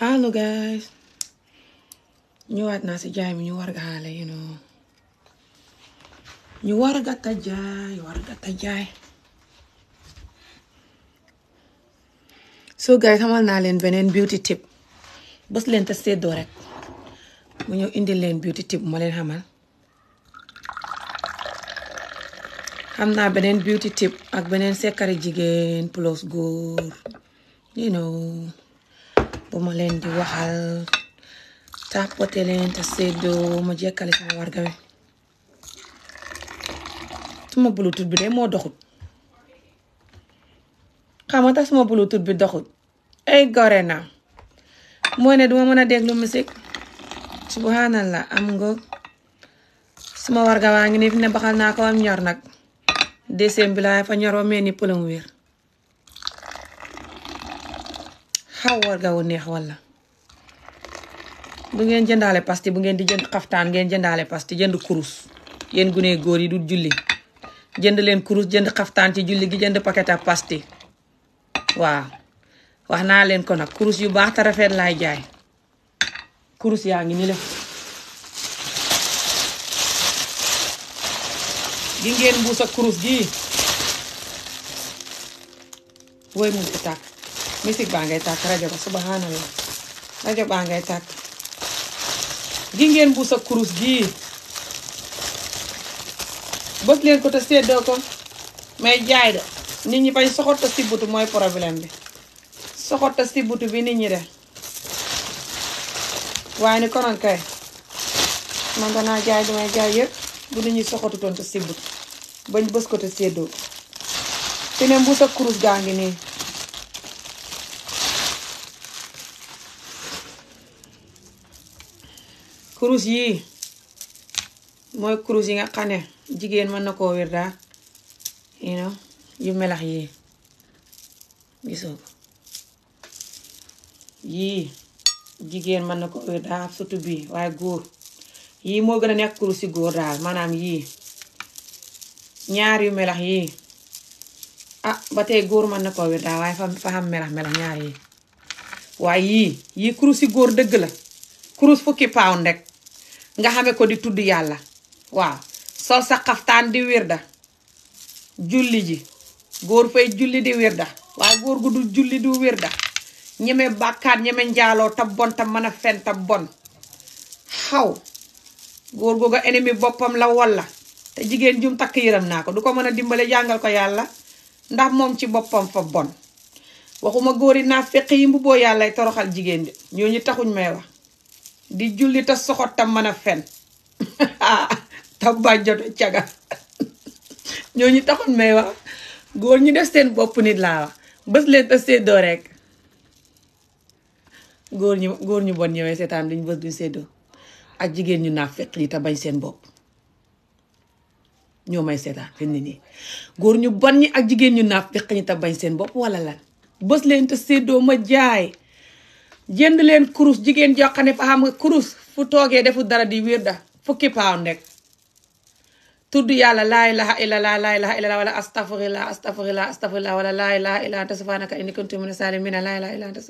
hello guys ñëwaat naa si jaay mi ñu warga xaale you know ñu warga ta jaay warga ta jaay so guys xamal naa leen beneen beauty tip bës leen te seddoo rek mu ñëw indi leen beauty tip ma leen xamal xam naa beneen beauty tip ak beneen sekkari jigéen plus góor you know bu ma leen di waxal tàppate leen te séddoo ma jekkale sama suma bluetooth bi de moo doxut xam nga tax suma bluetooth bi doxut ay gore na mooy ne duma mën a déglu musique la am nga suma warga waa ngi ne fi ne baxal naa ko am ñor nag décembre bi laa fa ñoroo mel ni pëlëm wér xaw war nga woon neex walla bu ngeen jëndaale pasti bu ngeen di jënd xaftaan ngeen jëndaale pasti jënd kurus yéen gune góor yi du julli jënd leen kurus jënd xaftaan ci julli gi jënd paquet pasti waaw wax naa leen ko nag kurus yu baax te rafet lay jaay kurus yaa ngi ni la gi ngeen buusa kurus gii woy mu tàkk musique baa ngay tàkk rajo ba subhanallah rajo baa ngay tàkk gi ngeen buus ak kurus gii bës leen ko te séddoo ko may jaay de nit ñi bañ soxot te sibbutu mooy problème bi soxot te sibbutu bi nit ñi de waaye ni konoon kay man danaa jaay li may jaay yëpp bu nit ñi soxotutoon te sibbutu bañ bës ko te séddoo fi ne mbuus ak gaa ngi nii kurus yii mooy kurus yi nga xam ne jigéen mën na koo wér daal you yu melax yii gisoo ko yii jigéen mën na ko wér daal surtout waaye góor yii moo gën a nekk kurus si góor daal maanaam yii ñaar yu melax yii ah ba tey góor mën na koo wér daal waaye fa fa xam melax melax ñaar yii waaye yii yii kurus góor dëgg la kurus fukki pound rek nga xame ko di tudd yàlla waaw sol sa xaftaan di wirda julli ji góor fay julli di wirda waaye góor gu du julli du wirda ñeme bàkkaat ñeme njaaloo ta bon ta mën a fen ta bon xaw góor googu ennemi boppam la walla te jigéen jum takk yërëm naa ko du ko mën a dimbale jàngal ko yàlla ndax moom ci boppam fa bon waxuma góori naa feq yi mbubboo yàllay toroxal jigéen de ñooñu taxuñ may wax di julli te soxot te mën a fen te bàjjoto caga ñooñu taxoon may wax góor ñi def seen bopp nit laa wax bés leen te séddoo rek góor ñu góor ñu bon ñëwee seetaan duñ bés duñ ak jigéen ñu naa fekk yi te seen bopp ñoo may seetaan ni nii góor ñu bon ñi ak jigéen ñu naa fekk ñi te bañ seen bopp wala lan bës leen te séddoo ma jaay jënd leen kurus jigéen joo xam ne fa xam nga kurus fu toogee defu dara di wér da fukki pound rek tudd yàlla laa ilaha illallah laa ilaha illallah wala astaghfirullah astaghfirullah astaghfirullah wala laa ilaha illa anta subhanaka inni kuntu min as-salimin laa ilaha illa anta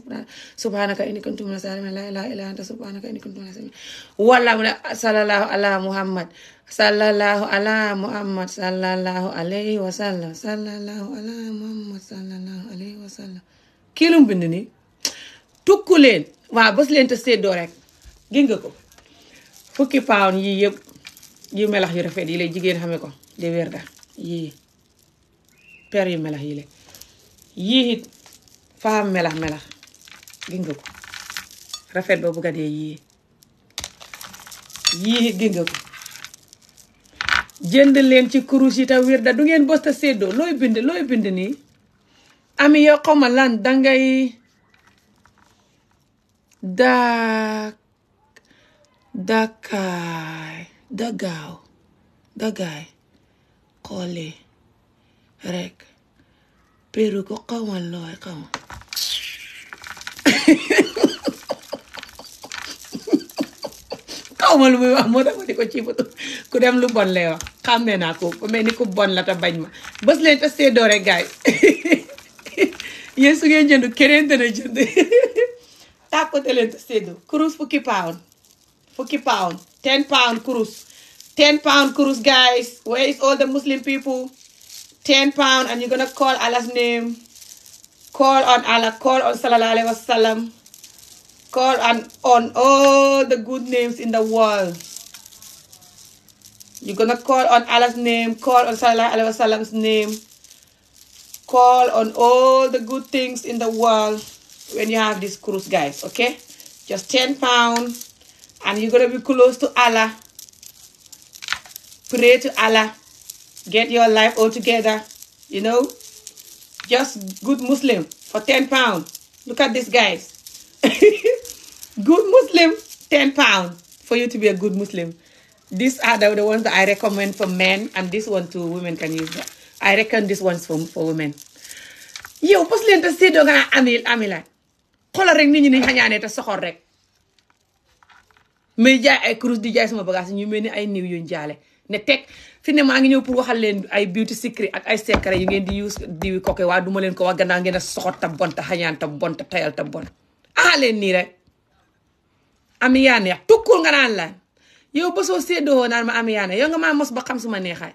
subhanaka inni kuntu min as-salimin laa ilaha illa anta subhanaka inni kuntu min as-salimin wala mu ne sallallahu ala muhammad sallallahu ala muhammad sallallahu alayhi wa sallam sallallahu ala muhammad sallallahu alayhi wa sallam kii lu mu bind nii tukk leen waaw bës leen te séddoo rek gis nga ko fukki pound yii yëpp yu melax yu rafet yi la jigéen xame ko di weer da yii yu melax yi la yii it faam melax melax gis ko rafet ba bugga dee yii yii it ko jënd leen ci kurus yi te wér da du ngeen bës te séddoo looy bind looy bind nii ami yoo xawma lan dangay dak dakaay dagaaw dagaay xoole rek peru ko xamal looy xamal xawma lu muy wax moo tax ma di ko ci foto ku dem lu bon lay wax xàmme naa ko ku ku bon la te bañ ma bës leen te seedoore gaay yéen su ngeen jënd keneen dana jënd tàppate leen ko séddoo kurus fukki pound fukki pound ten pound kurus ten pound kurus guys where is all the muslim people ten pound and you're gonna call Allah's name call on Allah call on sallallahu alayhi wa call on on the good names in the world you're gonna call on Allah's name call on sallallahu alayhi wa name call on all the good things in the world when you have this cruise guys okay just 10 pound and you're gonna be close to Allah pray to Allah get your life all together you know just good Muslim for 10 pound look at this guys good Muslim 10 pound for you to be a good Muslim these are the, ones that I recommend for men and this one too women can use I reckon this one's for, women yow pos leen te séddoo nga amil amilaat xoolal rek nit ñi ni xañaanee te soxor rek may jaay ay kurus di jaay sama bagage ñu mel ni ay niw yuñ jaale ne teg fi ne maa ngi ñëw pour waxal leen ay beauty secret ak ay secret yu ngeen di use diwi koke waa du leen ko waa gannaaw ngeen a soxor ta bon ta xañaan ta bon ta tayal ta bon ah leen nii rek am yaan yaa neex tukkul nga naan la yow bësoo séddoo naan ma am yaa neex yow nga maa mos ba xam suma neexaay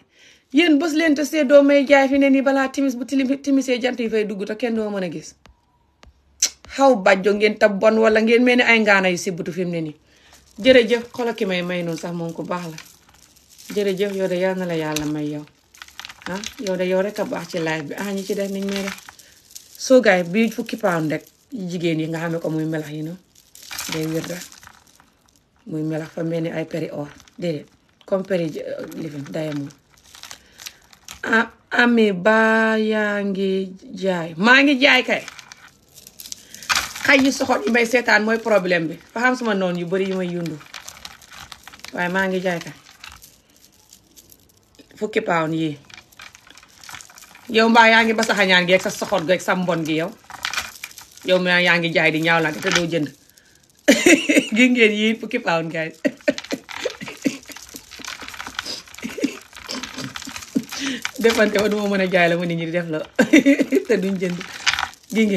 yéen bës leen te séddoo may jaay ne nii balaa timis bu timisee jant yi fay dugg te kenn doo mën a gis xaw bàjjo ngeen tab bon wala ngeen mel ni ay ngaana yu si butu fi ne nii jërëjëf xolo ki may may noonu sax moom ku baax la jërëjëf yow de yal na la yàlla may yow ah, yow de yow rek a baax ci live bi ah ci def niñ may def bi fukki pound rek jigéen yi nga xame ko muy melax yi noonu day wér rek muy melax fa mel ni ay péri or déedéet comme péri euh, living diamond ah, ami baa yaa ngi jaay maa ngi jaay kay xay yu soxot yi may seetaan mooy problème bi fa xam suma noonu yu bari yu may yundu waaye maa ngi jaay ka fukki pound yii yow mbaa yaa ngi ba saxañaan gi ak sa soxot gi ak sa mbon gi yow yow ma yaa ngi jaay di ñaaw lante te doo jënd gi ngeen mën a jaay la ma nit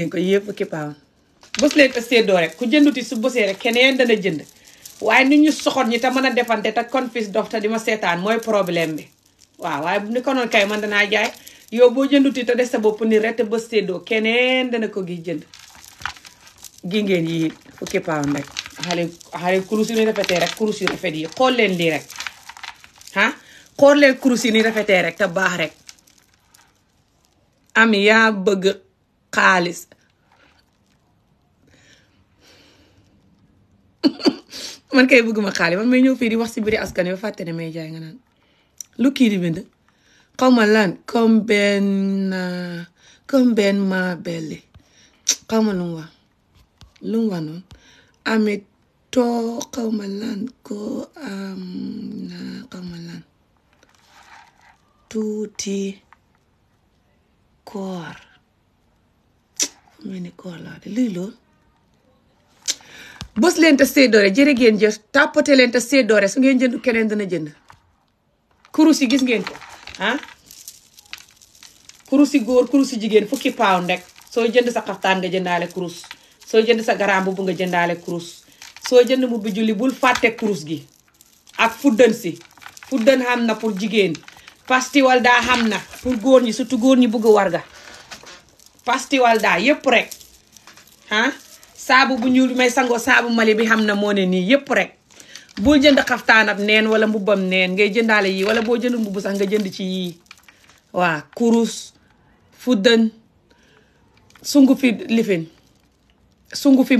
ko yii fukki pound bës leen te séddoo rek ku jënduti su bësee rek keneen dana jënd waaye nit ñu soxot ñi te mën a defante te confis dox te di ma seetaan mooy problème bi waaw waaye ni ko noonu kay man danaa jaay yow boo jënduti te des sa bopp nii rek te bës séddoo keneen dana ko gi jënd gi ngeen yi fukki pound rek xale xale kurus yu ni rafetee rek kurus yu rafet yi xool leen lii rek ah, leen kurus yi ni rafetee rek te baax rek am yaa bëgg xaalis man kay bëgguma xaali man may ñëw fii di wax si biir askan wi ba jaay nga naan lu kii di bind ma lan comme lan ko am na xaw lan tuuti koor mel ni koor bës leen te séedoore jërë ngeen jëf tàppate leen te séedoore su ngeen jënd keneen dana jënd kurus yi gis ngeen ko ah kurus yi góor kurus yi jigéen fukki pound rek soo jënd sa xaftaan nga jëndaale kurus soo jënd sa garaam bu nga jëndaale kurus soo jënd mu bi julli bul fàtte kurus gi ak fuddën si fuddën xam na pour jigéen pastiwal daa xam na pour góor ñi surtout góor ñi bëgg warga pastiwal daa yépp rek ah? saabu bu ñuul may sangoo saabu mali bi xam na moo ne nii yëpp rek boo jënd xaftaanam neen wala mbubbam neen ngay jëndaale yii wala boo jënd mbubb sax nga jënd ci yii waa kurus fuddën sungu fi lifin sungu fi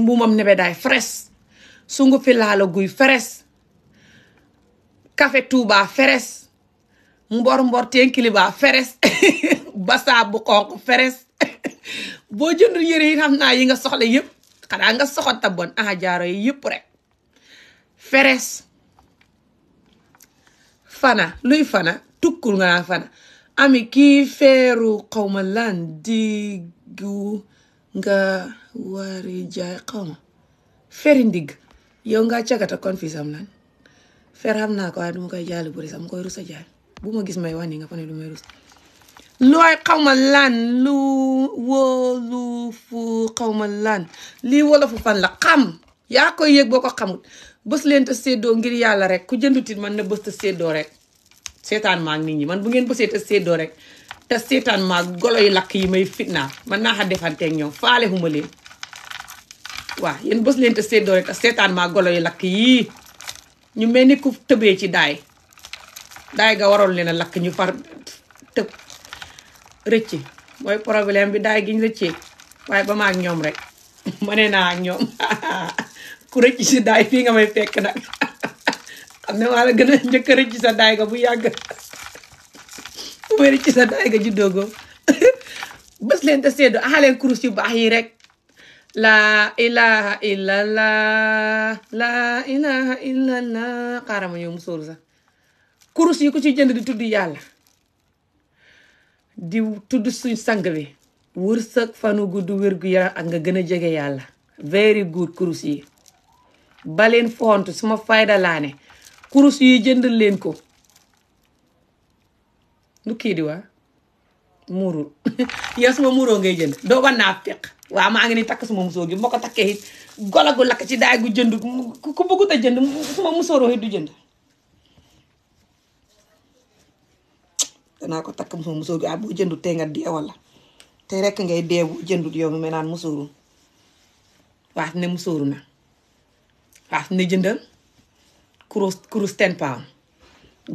mbuumam nebedaay fres sungufi laalo guy fres café touba fres mbor mbor tenkiliba fres basaab bu xonq fres boo jëndul yére yi xam naa yi nga soxla yëpp xanaa nga soxota bon ah jaaro yi yëpp rek feres fana luy fana tukkul nga naa fana ami kii feeru xawma lan diggu nga wari jaay xawma feri ndigg yow nga cagata kon fii sam lan fer xam naa ko waaye du ma koy jaale buri sam koy rusa jaay bu ma gis may wànni nga fa ne du may looy xawma lan lu wóolu fu xawma lan lii wolofu fan la xam yaa koy yëg boo ko xamul bës leen te séddoo ngir yàlla rek ku jëndutit man na bës te séddoo rek seetaan maak nit ñi man bu ngeen bësee te rek te seetaan maak golo yu lakk yi may fitnaa man naa xa defanteeg ñoom faale xuma leen waaw yéen leen te séddoo rek te seetaan golo yu lakk yii ñu mel ni ku tëbee ci daay daay ga waroon leen a lakk ñu far tëb rëcci mooy problème bi daay gi rëccee waaye ba ma ñoom rek ma ne naa ak ñoom ku rëcc si daay fii nga may fekk nag xam ne maa la gën a njëkk a rëcc sa daay ga bu yàgg bu may rëcc sa daay ga juddóogoo bés leen te seedu axaleen ah, kurus yu baax yi rek la ilaha la laa ilaha illallah xaarama yow musóoru sax kurus yi ku ci jënd di tudd yàlla di tudd suñ sang bi wërsëg fanu gudd wér gu ak nga gën a jege yàlla very good kurus yi baleen font suma fayda laane kurus yi jënd leen ko nu kii di waa muurul yow suma muuroo ngay jënd doo ba naa feq waaw maa ngi ni takk suma musóor yi moo takkee it golo gu lakk ci daay gu jënd ku bëggut a jënd suma musóoroo it du jënd danaa ko takk sama musóor bi ah boo jëndut tey nga dee wala te rekk ngay dee bu jëndut yow mi may naan musóoru waa ne musóoru na waa ne jëndal kurus kurus ten pound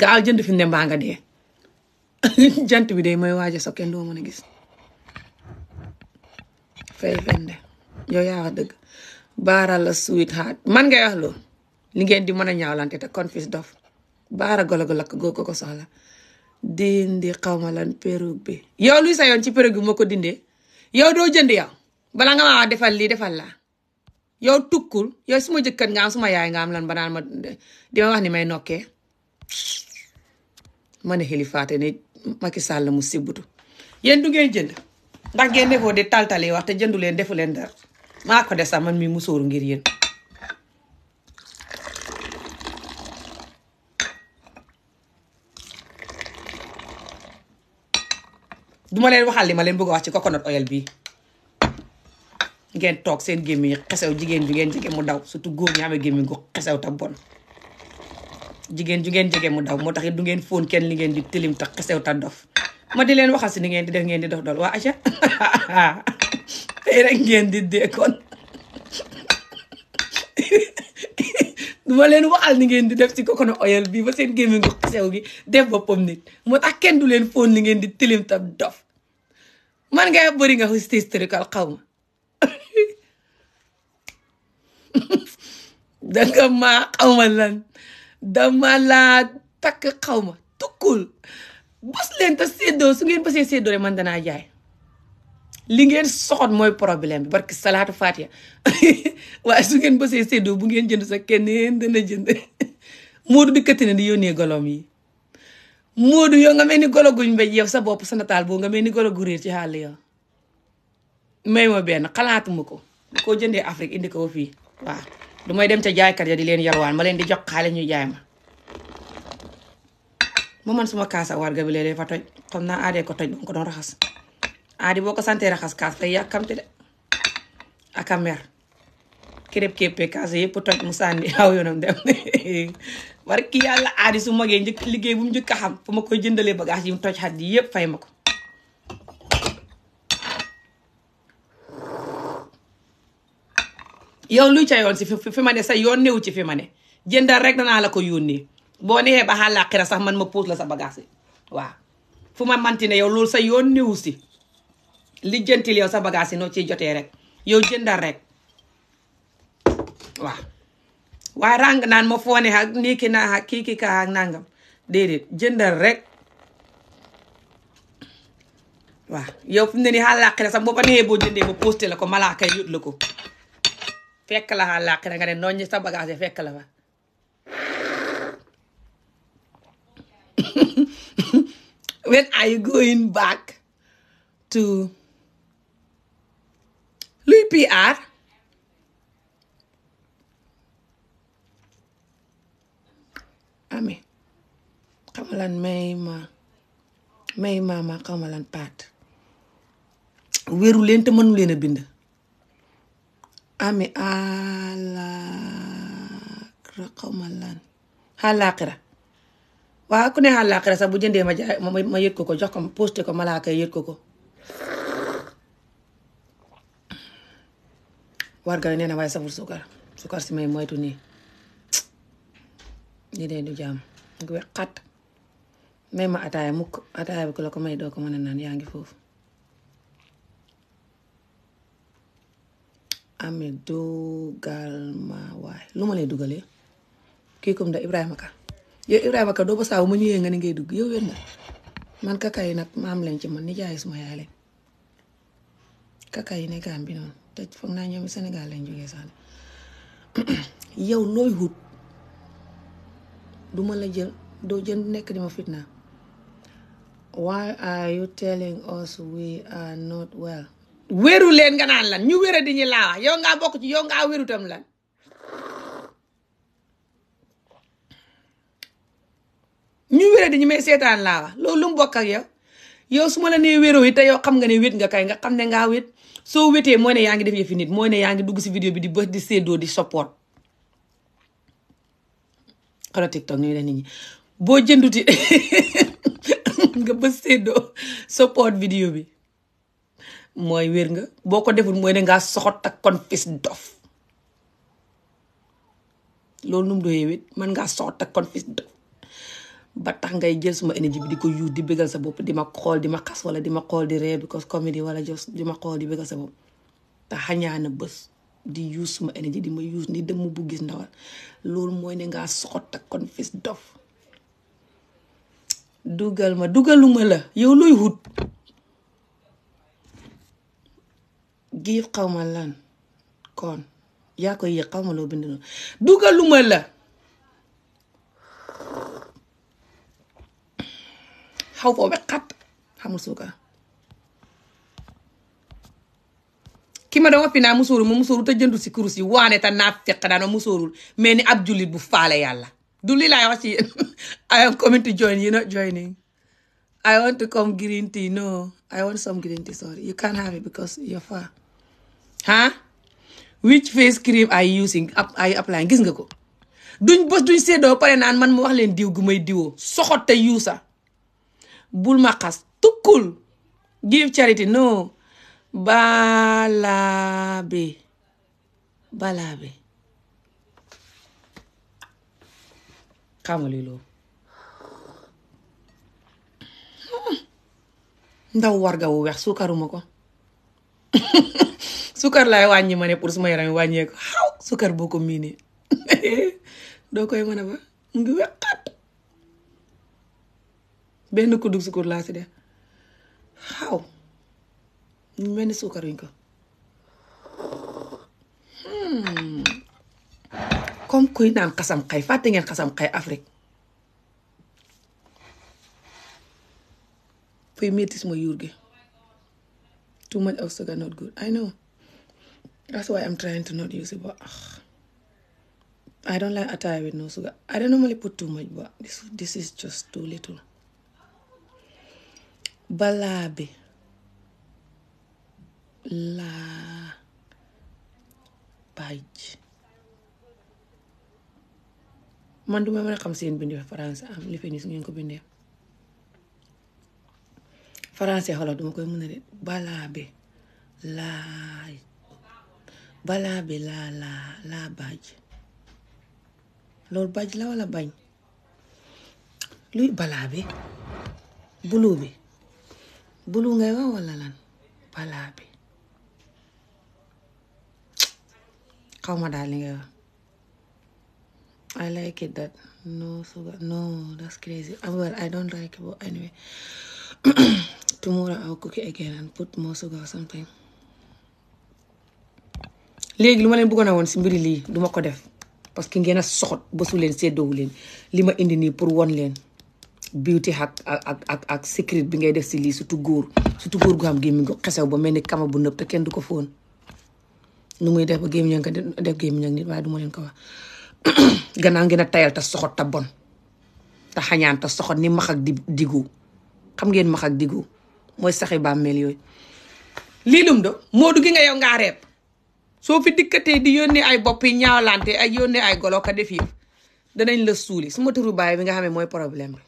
gaaw jënd fi ne mbaa nga dee jant bi day mooy waaja so kenn doo mën a gis fay fende yow yaa wax dëgg baara la sweetheart man ngay wax loolu li di mën a ñaawlante te confis dof baara golo go lakk goo ko ko soxla di dindi xawmalan perruque bi yow luy sa yoon ci perruque bi moo ko dindee yow doo jënd yow bala nga maa defal lii defal laa yow tukkul su ma jëkkat nga su ma yaay nga am lan banaan ma di ma wax ni may nokkee ma ne xilifaate ne Macky Sall mu sibbutu yéen du ngeen jënd ndax ngeen defoo di taltali wax te jëndu leen defu leen dara maa ko de sax man mi musóoru ngir yéen duma leen waxal li ma leen wax ci coconut oil bi ngeen toog seen gémmiñ xesew jigéen ju ngeen jege mu daw surtout góor ñi amee gémmiñ gu ta bon jigéen ju ngeen jege mu daw moo tax it du ngeen fóon kenn li ngeen di tilim ta xesew ma di leen waxal si ni ngeen di def ngeen di dof dool waa aca tey rek ngeen di deekoon duma leen waxal ni ngeen di def ci coconut oil bi ba seen gémmiñ gu xesew gi def boppam nit moo tax kenn du leen fóon li ngeen di tilim ta dof man nga bëri nga hystéristique xaw ma danga maa xaw ma lan dama la takk xaw ma tukkul bës leen te séddoo su ngeen bësee séddoo rek man danaa jaay li ngeen soxot mooy problème bi barki salaatu faatiya waaye su ngeen bësee séddoo bu ngeen jënd sa keneen dana jënd Moodu di këtt ne di yónnee golom yi Moodu yow mel ni golo sa bopp sa nataal boobu nga ni golo gu réer ci xalaatuma ko bu ko jëndee fii waaw dem ca jaaykat ya di leen yalwaan ma leen di jox xaalis ñu jaay ma. ma man suma kaasa warga bi léeg-léeg fa toj xam naa aadee ko toj ba ko doon raxas aadi boo ko santee raxas kaas tey yàkkamte de ak a mer képp képp toj mu sànni aw dem war ki yàlla aadi su magee njëkk liggéey bu mu njëkk a xam fu ma koy jëndalee bagage yi mu toj xat yi yëpp fay ma ko yow luy ca yoon si fi ma ne sa yoon newu ci fi jëndal rek danaa la ko yónnee boo neexee ba xàllaaxira sax man ma puus la sa bagage waa fu ma manti ne yow loolu sa yoon newu si li jëntil yow sa bagage yi noo ci jotee rek yow jëndal rek waaw waa ràng naan ma foone ak nii naa ak kii ki ak nangam déedéet jëndal rek waaw yow fi mu ne nii àllaaxira sax boo fa neexee ko malaaka yi yut la ko fekk la àllaaxira nga ne noonu sa bagage fekk la when are going back to luy PR ami xamalan may ma may maama xamalan paat wéeru leen te mënu leen a bind ami alaaxira xamalan alaaxira waaw ku ne alaaxira sax bu jëndee ma jaay ma yët ko ko jox ko posté ko malaaka yët ko ko warga nee na waaye saful sukar sukar si may moytu nii lii de du jaam gu we xat may ma ataaya mukk ataaya bi la ko may doo ko mën naan yaa ngi foofu amee dugal ma waay lu ma lay dugalee kii comme da Ibrahima yow Ibrahima doo ba saabu ma ñëwee nga ni ngay dugg yow wér na man kaka yi nag maam leen ci man nijaay suma yaay leen kaka yi ne Gàmbi noonu te foog naa ñoom Sénégal lañ jógee sax yow looy wut du ma la jël doo jël nekk di ma fitna why are you telling us we are not well wéru leen nga naan lan ñu wéra di ñu laa wax yow ngaa bokk ci yow ngaa wéru tam lan ñu wéra di ñu ma seetaan laa wax loolu lu mu bokk ak ma la nee wéroo yi te yow xam nga ne wét nga kay nga xam ne ngaa wét soo wétee mooy ne yaa ngi def yëfi nit mooy ne yaa ngi dugg si vidéo bi di bës di séddoo di support xanaa TikTok ñu ngi leen nit ñi boo jënduti nga ba séddoo support vidéo bi mooy wér nga boo ko deful mooy ne ngaa soxot ak kon pis dof loolu nu mu doyee wét man ngaa soxot ak kon dof ba tax ngay jël suma énergie bi di ko yuur di bégal sa bopp di ma xool di ma xas wala di ma xool di ree because comedy wala jos di ma xool di bëgga sa bopp te xañaana bés di use suma énergie di ma use ni dem bu gis ndawal loolu mooy ne ngaa soxot kon fis dof dugal ma dugaluma la yow looy wut giif xaw ma lan kon yaa koy xaw ma loo bind dugaluma la xaw foo ba xamul suukar ki ma doon woppi naa musóoru mu musóoru te jëndu si kurus yi waane te naa feq daana musóorul mais ni ab jullit bu faale yàlla du li laay wax ci yéen I am coming to join you not joining I want to come green tea no I want some green tea sorry you can't have it because you're far huh which face cream are using ay applying gis nga ko duñ bës duñ séddoo pare naan man mu wax leen diw gu may diwoo soxotte yuusa bul ma xas tukkul give charity no balaabe balaabe xamali loolu ndaw warga wu weex suukaruma ko suukar laay wàññi ma ne pour suma yaram wàññee ko xaw suukar boo ko miinee doo koy mën a ba mu ngi weqat benn kuddug suukar laa si def xaw ñu mel ni suukar yuñ ko hmm. comme kuy naan xasam xay fàtte ngeen xasam xay Afrique fuy métis ma yuur gi too much of sugar not good I know that's why I'm trying to not use it but ah. I don't like attire with no sugar I don't normally put too much but this, is just too little balaa bi la page man duma mën a xam seen bindi français am ah, li fi nii su ngeen ko bindee français xolof duma koy mën a de balaa bi laa balaa bi laa laa loolu baj la wala bañ luy balaa bi bulu bi bulu ngay wax wala lan balaa bi xaw ma daal li nga I like it that léegi lu ma leen bëggoon na woon si mbiri lii duma ko def parce que ngeen a soxot bësu leen seddoowu leen li ma indi nii pour won leen beauty hack ak ak ak ak secret bi ngay def si lii su góor surtout góor gu am gémmiñ gu xesew ba mel ni kama bu nëb te kenn du ko foon nu muy def ba gémmiñam ko def gémmiñam nit waaye du ma leen ko wax gannaaw ngeen a tayal te soxot te bon te xañaan te soxot ni max di diggu xam ngeen max ak diggu mooy saxi bàmmeel yooyu lii lum do moodu gi nga yow ngaa reeb soo fi dikkatee di yónnee ay bopp yi ñaawlante ay yónnee ay golo ka def danañ la suuli suma ma turu baay bi nga xam ne mooy problème bi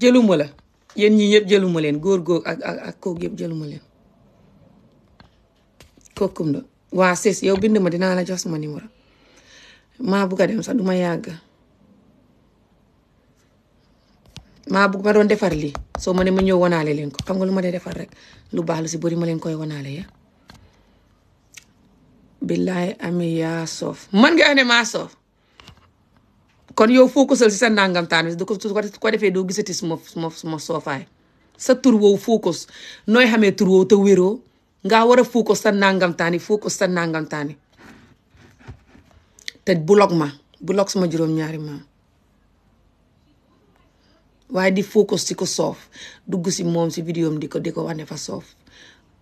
jëluma la yéen ñii ñëpp jëluma leen góor góor ak ak ak koog yëpp jëluma leen kookum la waa sis yow bind ma dinaa la jox sama numéro maa bugg a dem sax du ma yàgg maa bugg ma doon defar lii soo ma ne ma ñëw wanaale leen ko xam nga lu ma dee defar rek lu baax lu si bëri ma leen koy wanaale ya billaay ami yaa soof man nga ne maa soof kon yow focusal si sa nangam taan bi ko defee doo gisati suma suma suma soofaay sa tur woowu focus nooy xamee tur woowu te wéroo ngaa war a fuu ko sa nangamtaani fuu te bulog ma bulog sama juróom-ñaari maam waaye di focus ci ko soof dugg si moom si vidéo di ko di ko wane fa soof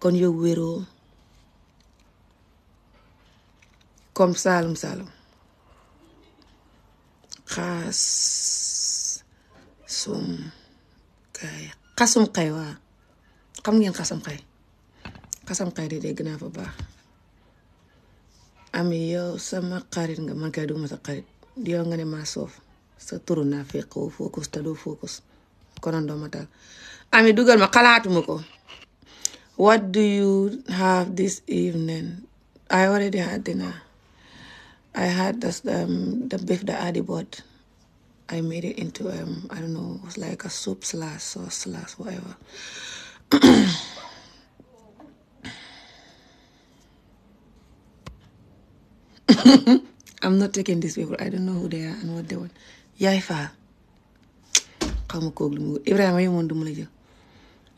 kon yow wéroo kom saalum saalum xaas kay xasum kay waa xam ngeen xasum kay xasam xarit dégg naa fa baax ami yow sama xarit nga man kay duma sa sa turu naa fekkoo focus te doo focus konoon doo ami dugal ma xalaatuma ko what do you have this evening I already had dinner I had this, um, the beef that I made it into um, I don't know like a soup slash or slash whatever I'm not taking these people I don't know who they are and what they want yaay faal xamu koog lu mu wut Ibrahima yi moom la jël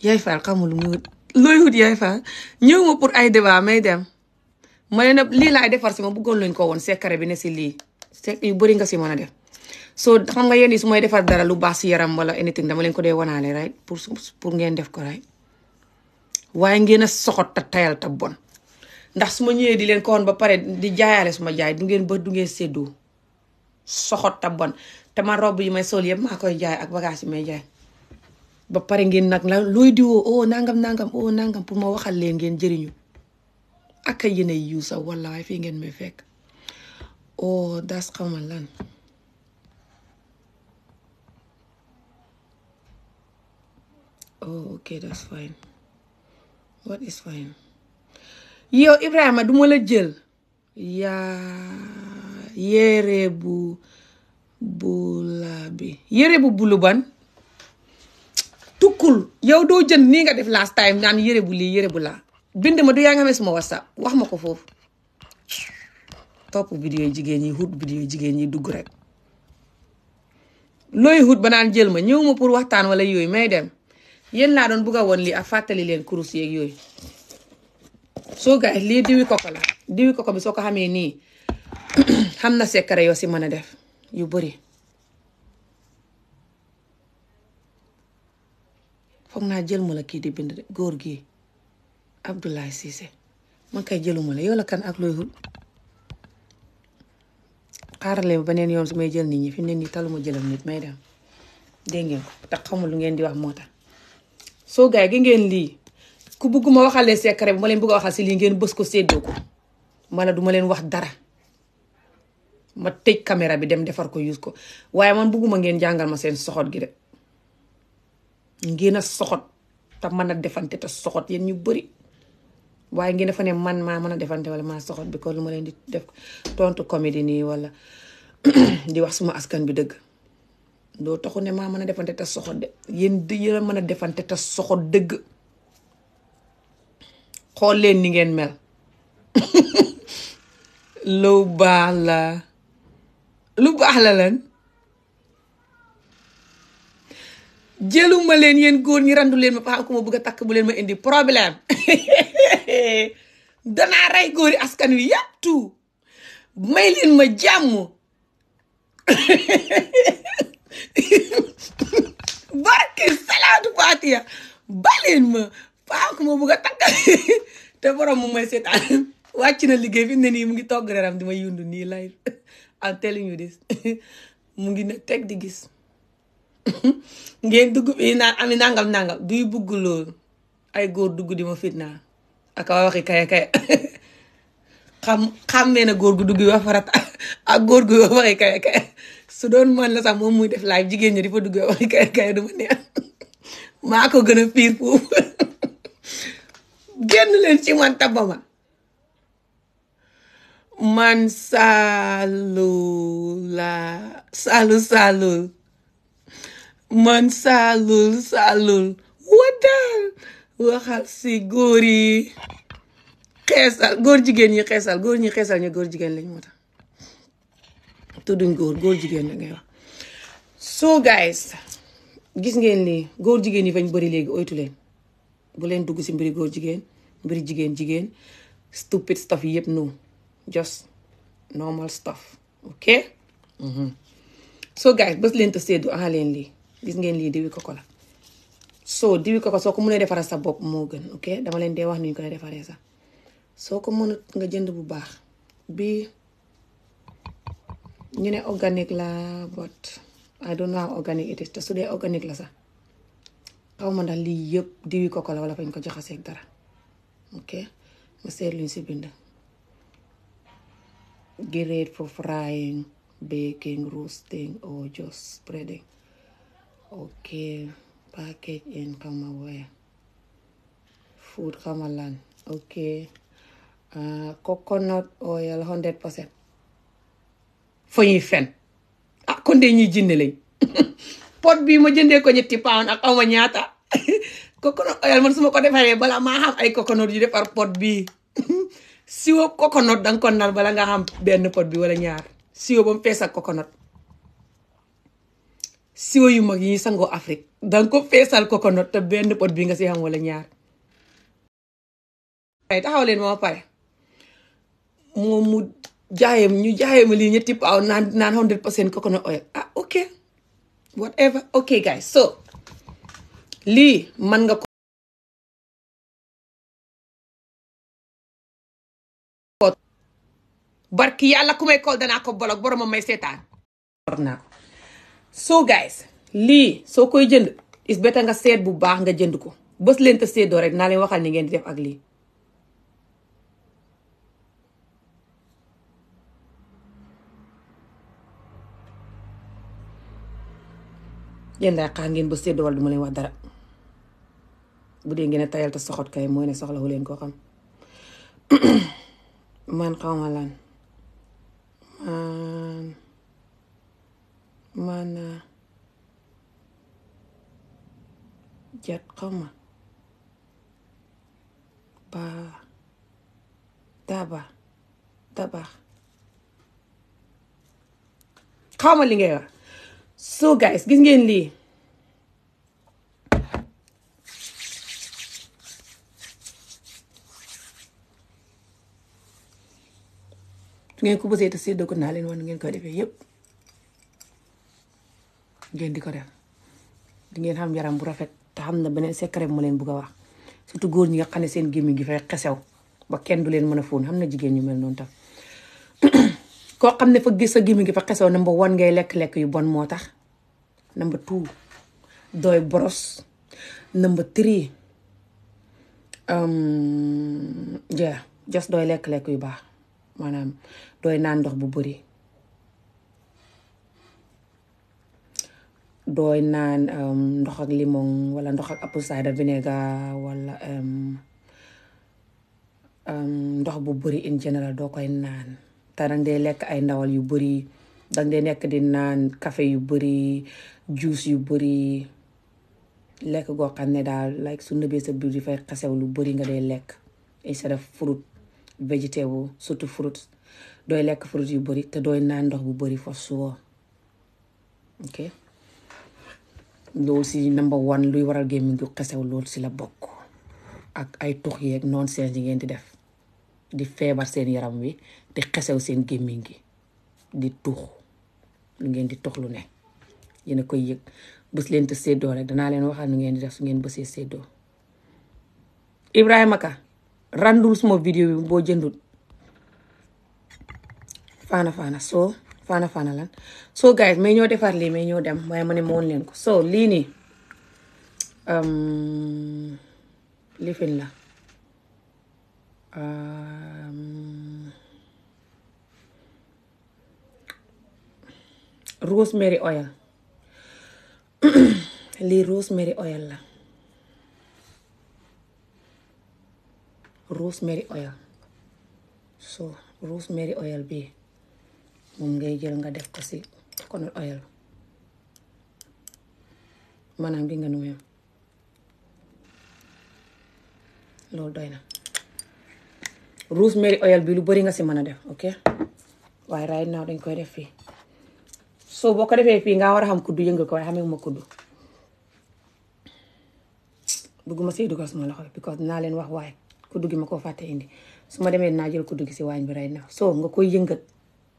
yaay faal xamu lu mu wut looy wut yaay faal ñëw ma pour ay débat may dem ma ne nag lii laay defar si ma bëggoon lañ ko woon secret bi ne si lii secret yu bëri nga si mën a def so xam nga yéen yi su may defar dara lu baax si yaram wala anything dama leen ko dee wanaale right pour pour ngeen def ko right waaye ngeen a soxot ta tayal ta bon ndax su ma ñëwee di leen ko woon ba pare di jaayaale su ma jaay du ngeen ba du ngeen séddoo soxot ta bon te ma robb yi may sol yëpp maa koy jaay ak bagage yi may jaay ba pare ngeen nag la looy diwoo oh nangam nangam oh nangam pour ma waxal leen ngeen jëriñu ak a yéen a yiw fii ngeen may fekk oh das oh, that's fine what is fine yow Ibrahima duma la jël yaa yére bu bula bi yére bu bulu ban tukkul yow doo jënd nii nga def last time naan yére bu li yére bu laa bind ma du yaa nga xamee suma whatsapp wax ma ko foofu topp vidéo yi jigéen ñi hut vidéo yi jigéen ñi dugg rek looy hut ba naan jël ma ñëw ma pour waxtaan yooyu may dem yéen laa doon bugg a woon lii ak fàttali leen kurus yeeg yooyu soo gaay lii diwi koko la diwi koko bi soo ko xamee nii xam na secret yoo si mën a def yu bëri foog naa jël ma la kii di bind góor gi Abdoulaye Cissé man kay jëluma la yow la kan ak looy xul xaarale beneen yoon su may jël nit ñi fi mu ne nii taluma jëlam nit may dem dégg ngeen ko te xamul lu ngeen di wax moo tax soo gaay gi ngeen lii ku bëgg ma waxalee secret bi ma leen bëgg a waxal si lii ngeen bës ko séddoo ko ma ne leen wax dara ma tëj caméra bi dem defar ko use ko waaye man bëgguma ngeen jàngal ma seen soxot gi de ngeen a soxot ta mën a defante te soxot yéen ñu bëri waaye ngeen dafa ne man maa mën a defante wala maa soxot bi ko ma leen di def tontu comédie wala di wax suma askan bi dëgg doo taxu ne maa mën a defante te soxot de yéen a mën a defante te soxot dëgg xool leen ni ngeen mel lu baax lu baax la lan jëluma leen yéen góor ñi randu leen ma paa ku ma bëgg a bu leen ma indi problème danaa rey góori askan wi yàpp may leen ma jàmm barke salaatu faatiya baleen ma waaw ku ma bëgg a takk te borom mu may seetaan wàcc na liggéey fi mu ne nii mu ngi togg reeram di ma yundu nii live I'm telling you this mu ngi ne teg di gis ngeen dugg bi naan ami nangam nangam duy bugg loolu ay góor dugg di ma fitnaa ak waa waxi kaya kaya xam xàmmee na góor gu dugg wax farata ak góor gu waxi kaya kaya su doon man la sax moom muy def live jigéen ñi di fa dugg waxi kaya kaya du ma neex maa ko gën a fiir foofu génn leen ci man tabba ma man saalu la saalu saalul man saalul saalul wadaal waxal si góor yi xeesal jigéen ñi xeesal góor ñi xeesal góor jigéen lañ moo tax tudduñ góor jigéen la ngay gis ngeen ni góor jigéen yi fañ bëri léegi oytu leen bu leen dugg si mbiri góor jigéen mbiri jigéen jigéen stupid stuff yi yëpp no just normal stuff ok mhm. so guys bés leen te séddu aha leen lii gis ngeen lii diwi ko la so diwi ko soo ko mënee defaral sa bopp moo gën ok dama leen dee wax ni koy defaree sax soo ko mënut nga jënd bu baax bi ñu ne organique la but I don't know how organic it te su dee organique la sax xaw ma ndax lii yëpp diwi koko la wala fañ ko jaxaseeg dara ok ma seet si bind great for frying baking roasting or just spreading ok package in xaw ma waya food xaw ok uh, coconut oil hundred percent fo ñuy fen ah kon de ñuy jinne lañ pot bii ma jëndee ko ñetti pound ak awma ñaata coconut oil man su ko defaree bala maa xam ay coconut yu defar pot bii siwo coconut danga ko naan bala nga xam benn pot bi wala ñaar siwo ba mu fees siwo yu mag yi sangoo Afrique danga ko feesal coconut te benn pot bi nga si xam wala ñaar ay taxaw leen moo pare moom mu jaayem ñu jaayema lii ñetti paaw naan naan hundred percent coconut oil ah ok whatever ok guys so lii mën nga ko barki yàlla ku may kool danaa ko bolog boromam may seetaan naa ko so lii soo koy jënd is better nga seet bu baax nga jënd ko bës leen ta seedoo rek naa leen waxal ni ngeen di def ak lii yéen xaar ngeen ba sedd wala du ma leen wax dara bu dee ngeen a tayal te soxot kay mooy ne soxlawu leen koo xam man xaw ma lan man man ah. jat xaw ma ba daba daba xaw ma li ngay wax so guys gis ngeen lii su ngeen ko bësee te séddoo ko naa leen wan ngeen ko defee yépp ngeen di ko def di ngeen xam yaram bu rafet te xam na beneen secret mu leen bugg a wax surtout góor ñi nga xam ne seen gémmiñ gi fay xesew ba kenn du leen mën a fóon xam na jigéen ñu mel noonu tam koo xam ne fa gis sa gémmiñ gi fa xesew na mba wan ngay lekk-lekk yu bon moo tax number two doy boros number three um, just doy lekk-lekk yu baax maanaam dooy naan ndox bu bëri dooy naan um, ndox ak limon wala ndox ak apple cider vinegar wala um, ndox bu bëri in general doo koy naan te danga dee lekk ay ndawal yu bëri danga dee nekk di naan café yu bëri juice yu bari lekk goo xam ne daal like su nëbee sa biir di fay xasew lu bari nga day lekk instead of fruit vegetable surtout fruit dooy lekk fruit yu bari te dooy naan ndox bu bari for sure ok loolu si number one luy waral gémmiñ gu xasew loolu si la bokk ak ay tux yeeg nonsense yi ngeen di def di feebar seen yaram wi di xesew seen gémmiñ gi di tux lu ngeen di tux lu ne yéen a koy yëg bës leen te séddoo rek danaa leen waxal nu ngeen di def su ngeen bësee séddoo Ibrahima Ka randul suma vidéo bi boo jëndul faana faana soo faana faana lan soo guys mais ñoo defar lii mais ñoo dem waaye ma ne leen ko soo lii nii um, lifin la um, rosemary oil lii rosemary oil la rosemary oil so rosemary oil bi moom ngay jël nga def ko ci coconut oil maanaam bi nga nuyoo loolu doy na rosemary oil bi lu bari nga si mën a def ok waaye right now dañ koy def fii so boo ko defee fii nga war a xam kuddu yëngal ko waaye xamee ma kuddu bëgguma see dugal suma loxo because dinaa leen wax waaye kuddu gi ma koo fàtte indi su ma demee dinaa jël kuddu gi si waañ bi rey na so nga koy yëngat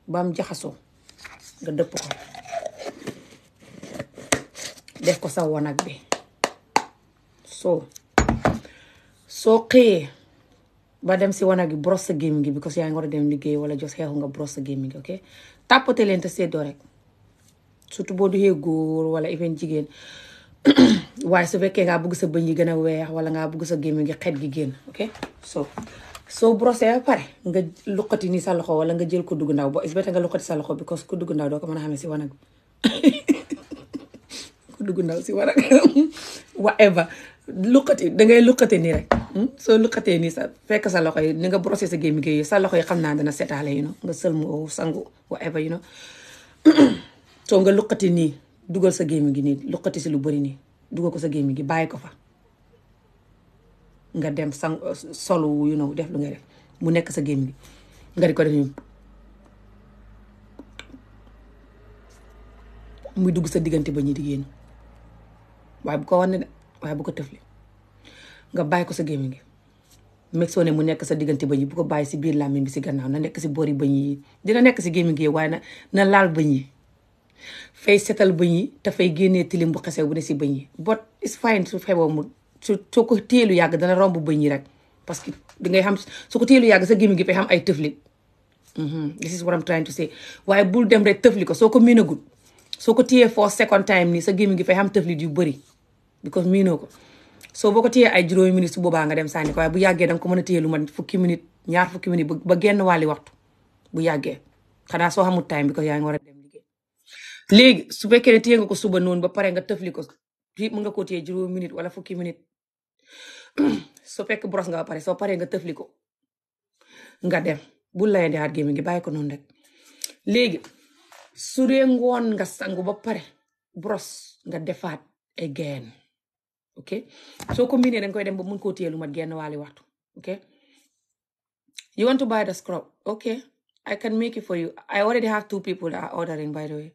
ba am jaxasoo nga dëpp ko def ko sa wanag bi soo soo xëyee ba dem si wanag gi brosse sa gémmiñ gi because yaa ngi war a dem liggéey wala jos xeexu nga brosse sa gémmiñ gi tàppate leen te seddoo rek surtout boo duxee góor wala even jigéen waaye su fekkee ngaa bugg sa bëñ yi gën a weex wala ngaa bëgg sa gémmiñ ngi xet gi génn ok so soo brossé ba pare nga luqati nii sa loxo wala nga jël ko dugg ndaw bo is bete nga sa loxo because ku dugg ndaw doo ko a xamee si wanag ku dugg ndaw si wanag whatever luqati dangay luqati nii rek hmm? soo luqatee nii sa fekk sa loxo yi ni nga brossé sa gémmiñ gi sa loxo yi xam naa dana setaale you know nga sëlmu sangu whatever yi know soo nga luqati nii dugal sa gémmiñ ngi nii luqati si lu bari nii dugal ko sa gémmi gi bàyyi ko fa nga dem sang solu you know def lu ngay def mu nekk sa gémmi gi nga di ko def nii muy dugg sa diggante ba ñi di génn waaye bu ko wan ne de waaye bu ko tëfli nga bàyyi ko sa gémmiñ gi meg soo ne mu nekk sa diggante bëñ yi bu ko bàyyi si biir làmmiñ bi si gannaaw na nekk si boori bëñ yi dina nekk si gémmiñ gi waaye na na laal bëñ yi fay setal bëñ yi te fay génnee tilim bu xesew bu ne si bëñ yi but it's fine su xeboo mu su soo ko téelu yàgg dana romb bëñ yi rek parce que di ngay xam su ko téelu yàgg sa gémmiñ gi fay xam ay tëfli mm-hmm. this is what I'm trying to say waaye ko soo ko miinagul soo ko téyee for second nii sa gémmiñ gi fay xam tëflit yu bëri because miinoo ko soo boo ko téyee ay juróomi minutes su boobaa nga dem sànni ko waaye bu yàggee danga ko mën a téye lu mat fukki minutes ñaar fukki minutes ba genn wàlli waxtu bu yàggee xanaa soo xamul time bi yaa ngi war a dem léegi su fekkee ne nga ko suba noonu ba pare nga tëfli ko fii mën nga ko téye juróomi minute wala fukki minute su fekk bros nga ba pare soo paree nga tëfliko nga dem bu lay ndeexaat gémmiñ gi bàyyi ko noonu rek léegi su dee ngoon nga sangu ba pare bros nga defaat again ok soo ko miinee danga koy dem ba mun koo téye lu mat genn waali waxtu ok you want to buy the scrub ok I can make it for you I already have two people that ordering by the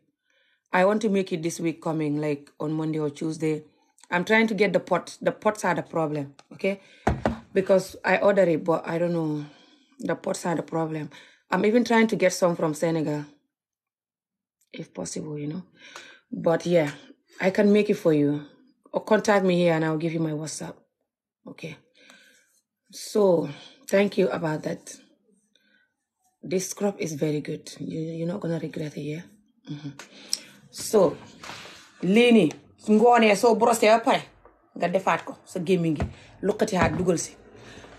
I want to make it this week coming, like on Monday or Tuesday. I'm trying to get the pots are the problem, okay? Because I ordered it, I don't know. The pots are the problem. I'm even trying to get some from Senegal, if possible, you know. But yeah, I can make it for you. Or oh, contact me here and I'll give you my WhatsApp. Okay. So, thank you about that. This crop is very good. You, not going regret it, yeah? Mm-hmm. so lii nii su ngoonee soo brossé ba pare nga defaat ko sa gémmiñ gi luqati xaat dugal si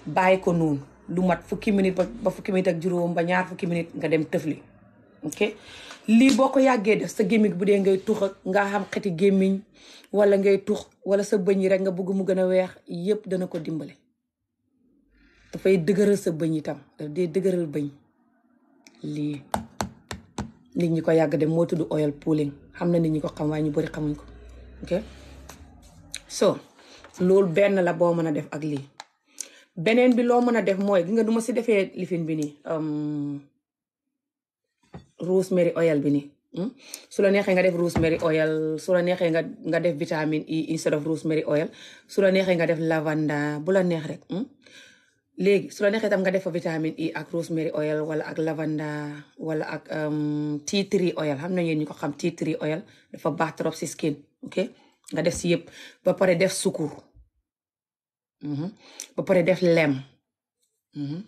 bàyyi ko noonu lu mat fukki minute ba fukki minute ak juróom ba ñaar fukki minute nga dem tëfli ok lii boo ko yàggee def sa gémmiñ bu dee ngay tux ak nga xam gémmiñ wala ngay tux wala sa bëñ yi rek nga bëgg mu gën a weex yépp dana ko dimbale dafay dëgëral sa bëñ itam daf dee dëgëral bëñ lii nit ñi ko yàgg dem moo tudd oil pulling xam na nit ñi ko xam waaye ñu bari xamuñ ko so loolu benn la boo mën a def ak lii beneen bi loo mën a def mooy gi nga du ma si defee lifin bi nii um, rosemary oil bi nii hmm? su la neexee nga def rosemary oil su la neexee nga nga def vitamine E instead of oil su la neexee nga def lavanda bu la neex rek hmm? léegi su la neexee nga def fa vitamine E ak rosemary oil wala ak lavanda wala ak um, tea tree oil xam na yéen ñu ko xam tea tree oil dafa baax trop si skin ok nga def si yëpp ba pare def sukur mhm. ba pare def lem mhm.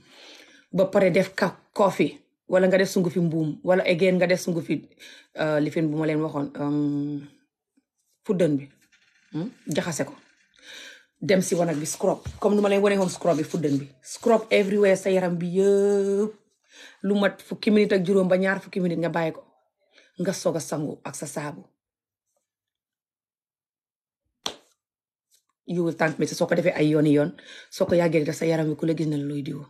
ba pare def ka kofi wala nga def sungu fi mbuum wala again nga def sungu fi uh, lifin bu ma leen waxoon fuddan um, bi mhm. jaxase ko dem si wanag bi scrub comme nu ma leen wane woon scrub bi fuddën bi scrub everywhere sa yaram bi yëpp lu mat fukki minute ak juróom ba ñaar fukki minute nga bàyyi ko nga soog a sangu ak sa saabu you will thank soo ko defee ay yooni yoon soo ko yàggee def sa yaram bi ku la gis na looy diwo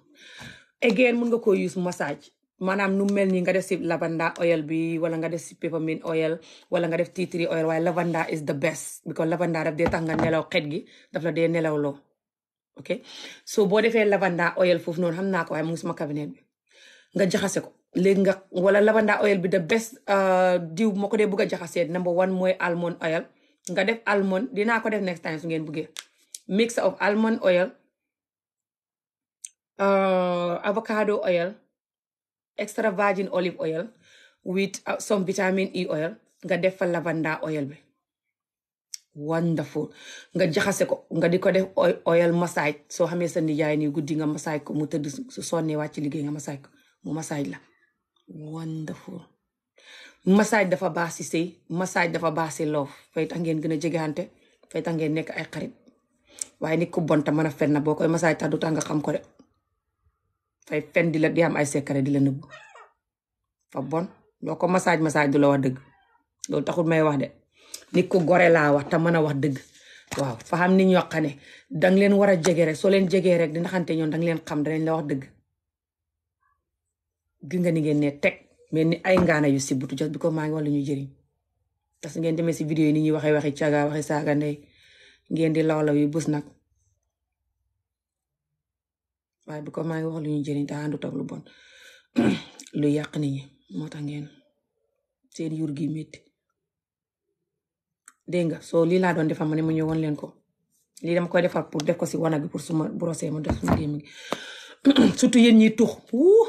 again mun nga ko use massage maanaam nu mel nii nga def si lavanda oil bi wala nga def si peppermint oil wala nga def tea tree oil waaye lavanda is the best because lavanda daf dee tax nga nelaw xet gi daf la dee so boo defee lavanda oil foofu noonu xam naa ko waaye suma cabinet bi nga jaxase ko léegi nga wala lavanda oil bi the best uh, diw moo ko dee bëgg a jaxasee number one mooy almond oil nga def almond dinaa ko def next time su ngeen bëggee mix of almond oil uh, avocado oil extra virgin olive oil with uh, some vitamin E oil nga def fa lavanda oil bi wonderful nga jaxase ko nga di ko def oil massage soo xamee sa nijaay nii guddi nga massage ko mu tëdd su sonnee wàcc liggéey nga massage ko mu massage la wonderful massage dafa baax si sëy massage dafa baax si love fay ngeen gën a jegeante fay tax ngeen nekk ay xarit waaye nit ku bonta mën a na boo koy massage tax du tax nga xam ko de fay fen di la di am ay secret di la nëbbu fa bon loo ko massage massage du la wax dëgg loolu taxul may wax de nit ko gore laa wax te mën a wax dëgg waaw fa xam ni ñoo xam ne danga leen war a jege rek soo leen jegee rek di naxante ñoom danga leen xam danañ la wax dëgg gi nga ni ngeen ne teg mel ni ay ngaana yu si butu jot bi ko maa ngi wax lu ñu jëriñ parce que ngeen demee si vidéo yi ni ñuy waxee waxi caga waxi saaga ndey ngeen di lawlaw yu bës nag waaye bi ko maa ngi wax lu ñu jëriñ te àndut ak lu bon lu yàq nii ñi moo tax ngeen seen yur gi métti dégg nga soo lii laa doon defar ma ne mu ñëw ñëwoon leen ko lii dama koy defar pour def ko si wanag bi pour suma brosser mu def suma gémm gi surtout yéen ñi tux wuu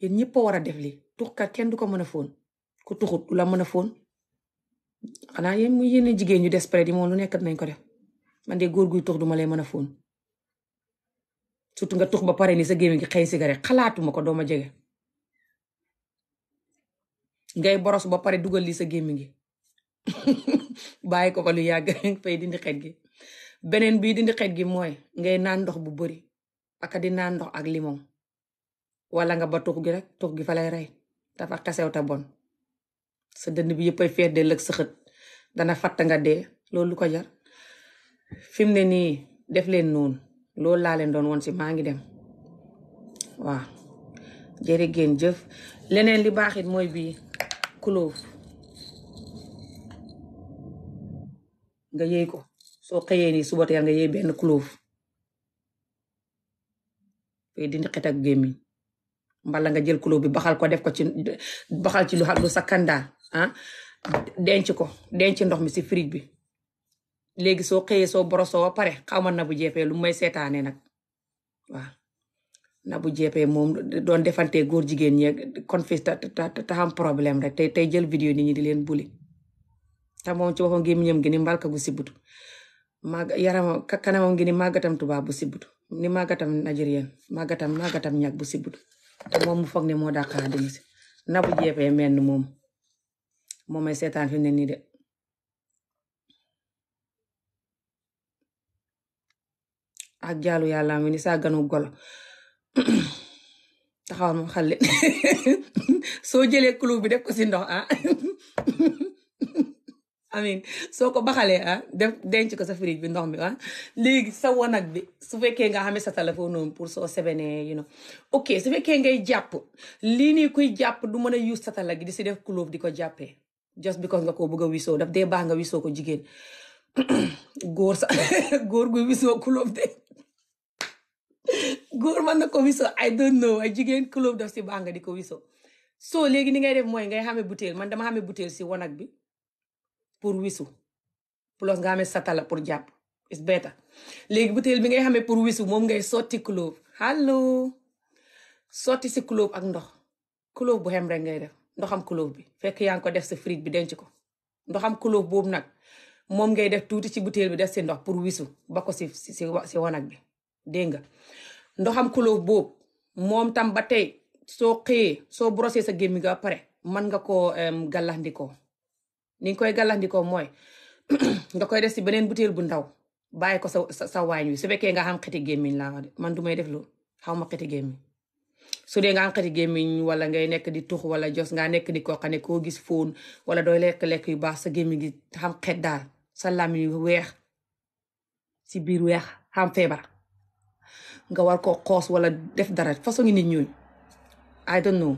yéen ñëpp a war a def lii tuxkat kenn du ko mën a fóon ku tuxut du la mën a fóon xanaa yéen mu yéen jigéen ñu des près di moom lu nekk nañ ko def man de góor guy tux duma lay mën a fóon surtout nga tux ba pare ni sa gémmiñ gi xëy cigarette xalaatuma ko dooma jege ngay boros ba pare dugal li sa gémmiñ gi bàyyi ko fa lu yàgg fay dindi xet gi beneen bii dindi xet gi mooy ngay naan ndox bu bari aka di naan ndox ak limon walla nga ba tux gi rek tux gi fa lay rey dafa xesew te bon sa dënn bi yëppay feet de lëg sa dana fatt nga de loolu lu ko jar fi ne nii def leen noonu loolu laa leen doon woon si maa ngi dem waaw jërë ngeen jëf leneen li baax mooy bii clove nga yëy ko soo xëyee nii suba teel nga yëy benn clove fee dindi xet gémmiñ mbala nga jël clove bi baxal ko def ko ci baxal ci lu xa lu sakkandaal ah denc ko denc ndox mi si fridge bi léegi soo xëyee soo borosoo ba pare xaw ma na bu jeepee lu may seetaane nag waaw na bu jeepee moom doon defantee góor jigéen ñi confis ta rek tey tey jël vidéo nit di leen buli te moom ci waxoon gémmiñam gi ni mbalka gu sibutu màgg yaram kanamam gi ni màggatam tubaab bu sibutu ni màggatam nigérien màggatam màggatam ñag bu sibutu moom mu foog ne moo dàqaa dina si na bu jeepee moom moom may seetaan fi ne nii de ak jaalu yàlla mi ni sàgganu golo taxawal moom xale soo jëlee clou bi def ko si ndox ah amin soo ko baxalee ah def denc ko sa fridge bi ndox mi ah léegi sa wanag bi su fekkee nga xamee sa téléphone noonu pour soo sebenee you know ok su fekkee ngay jàpp lii nii kuy jàpp du mën a use satala gi di si def clou di ko jàppee just because nga ko bëgg a wisoo daf dee baax nga wisoo ko jigéen góor sax góor gu wisoo kulóof de góor mën na ko wisoo I don't know ay jigéen kulóof daf si baax nga di ko wisoo soo léegi ni ngay def mooy ngay xamee butéel man dama xamee butéel si wanag bi pour wisu plus nga xamee satala pour jàpp is better léegi butéel bi ngay xamee pour wisu moom ngay sotti kulóof allo sotti si kulóof ak ndox kulóof bu xem rek ngay def ndoxam kulóof bi fekk yaa ngi ko def sa frite bi denc ko ndoxam kulóof boobu nag moom ngay def tuuti ci butéel bi def si ndox pour wisu ba ko si si si wanag bi dee nga ndoxam kulóof boobu moom tam ba tey soo xëyee soo brossé sa gémmi ga pare mën nga koo gàllandikoo ni nga koy gàllandikoo mooy nga koy def si beneen butéel bu ndaw bàyyi ko sa sa waañ wi su fekkee nga xam xeti gémmiñ laa man du may def lu xaw ma xeti gémmiñ su dee nga xati gémmiñ walla ngay nekk di tux walla jos nga nekk di koo xam ne koo gis foon wala dooy lekk-lekk yu baax sa gémmiñ gi xam xet daal sa làmmiñ weex si biir weex xam feebar nga war koo xoos walla def dara façon ngi nit ñooñ I don't know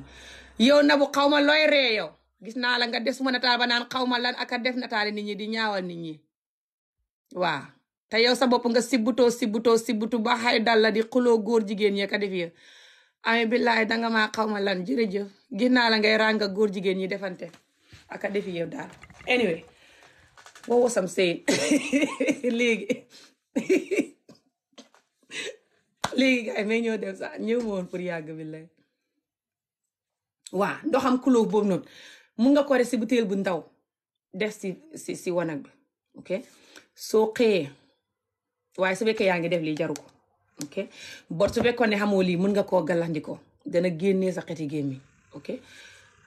yow na bu xaw ma looy ree yow gis naa la nga def suma nataal ba naan xaw ma lan aka a def nataale nit ñi di ñaawal nit ñi waaw te yow sa bopp nga sibbutoo sibbutoo sibbutu ba xay dal di xuloo góor jigéen ñee ka def ay billaay danga ma xawma ma lan jërëjëf gis naa la ngay ràng ak góor jigéen ñi defante ak a defi yow daal anyway what was I saying léegi léegi gars yi may ñëw dem sax ñëw ma pour yàgg billaay waa ndoxam kulóof boobu noonu mun nga ko rek si butéel bu ndaw def si si si wanag bi ok soo xëyee waaye su fekkee yaa ngi def lii jaru ko ok bor su fekkoon ne xamoo lii mën nga koo gàllandikoo dana génnee sa xeti gémmi ok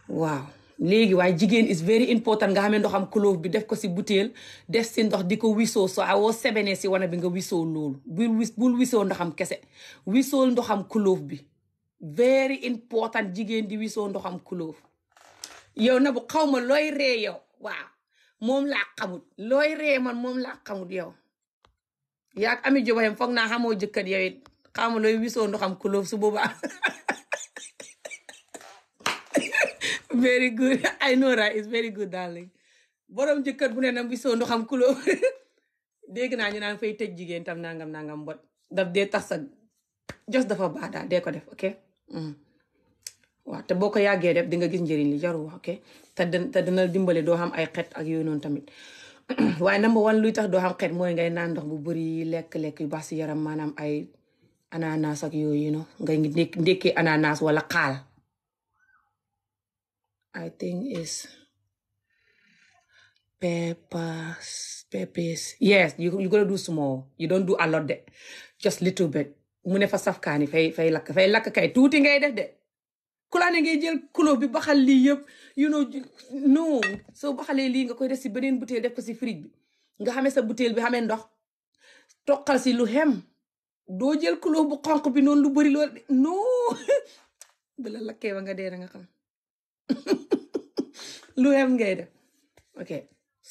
waaw léegi waaye jigéen is very important nga xamee ndoxam clove bi def ko si butéel def si ndox di ko wisoo soo awoo sebenee si wana bi nga wisoo loolu bul wis bul wisoo ndoxam kese wisool ndoxam clove bi very important jigéen di wisoo ndoxam clove yow na bu xaw ma looy ree yow waaw moom laa xamut looy ree man moom la xamut yow yaag ami jubayam foog naa xamoo jëkkat yow it xamu looy wisoo ndoxam kulóof su boobaa very good I know right it's very good darling borom jëkkat bu ne nam wisoo ndoxam kulóof dégg naa ñu naan fay te jigéen tam nangam nangam mbot daf dee tax sa jos dafa baax daal dee ko def ok mm. te boo ko yàggee def di nga gis njëriñ li jarul ok te dana dimbale doo xam ay xet ak yooyu noonu tamit waaye number one luy tax doo xam xet mooy ngay naan ndox bu bëri lekk-lekk yu baax si yaram maanaam ay ananas ak yooyu no ngay ndékkee ananas wala xaal I think is peppers peppers yes you you gonna do small you don't do a de just little bit mu ne fa safkaani fay fay lakk fay lakk kay tuuti ngay de kulaane ngay jël kulo bi ba xal lii yëpp you know non soo baxalee lii nga koy def si beneen butéel def ko si fridge bi nga xamee sa butéel bi xamee ndox toqal si lu xem doo jël kulo bu xonq bi noonu lu bëri lool non la lakkee ba nga dee nga xam lu ngay def ok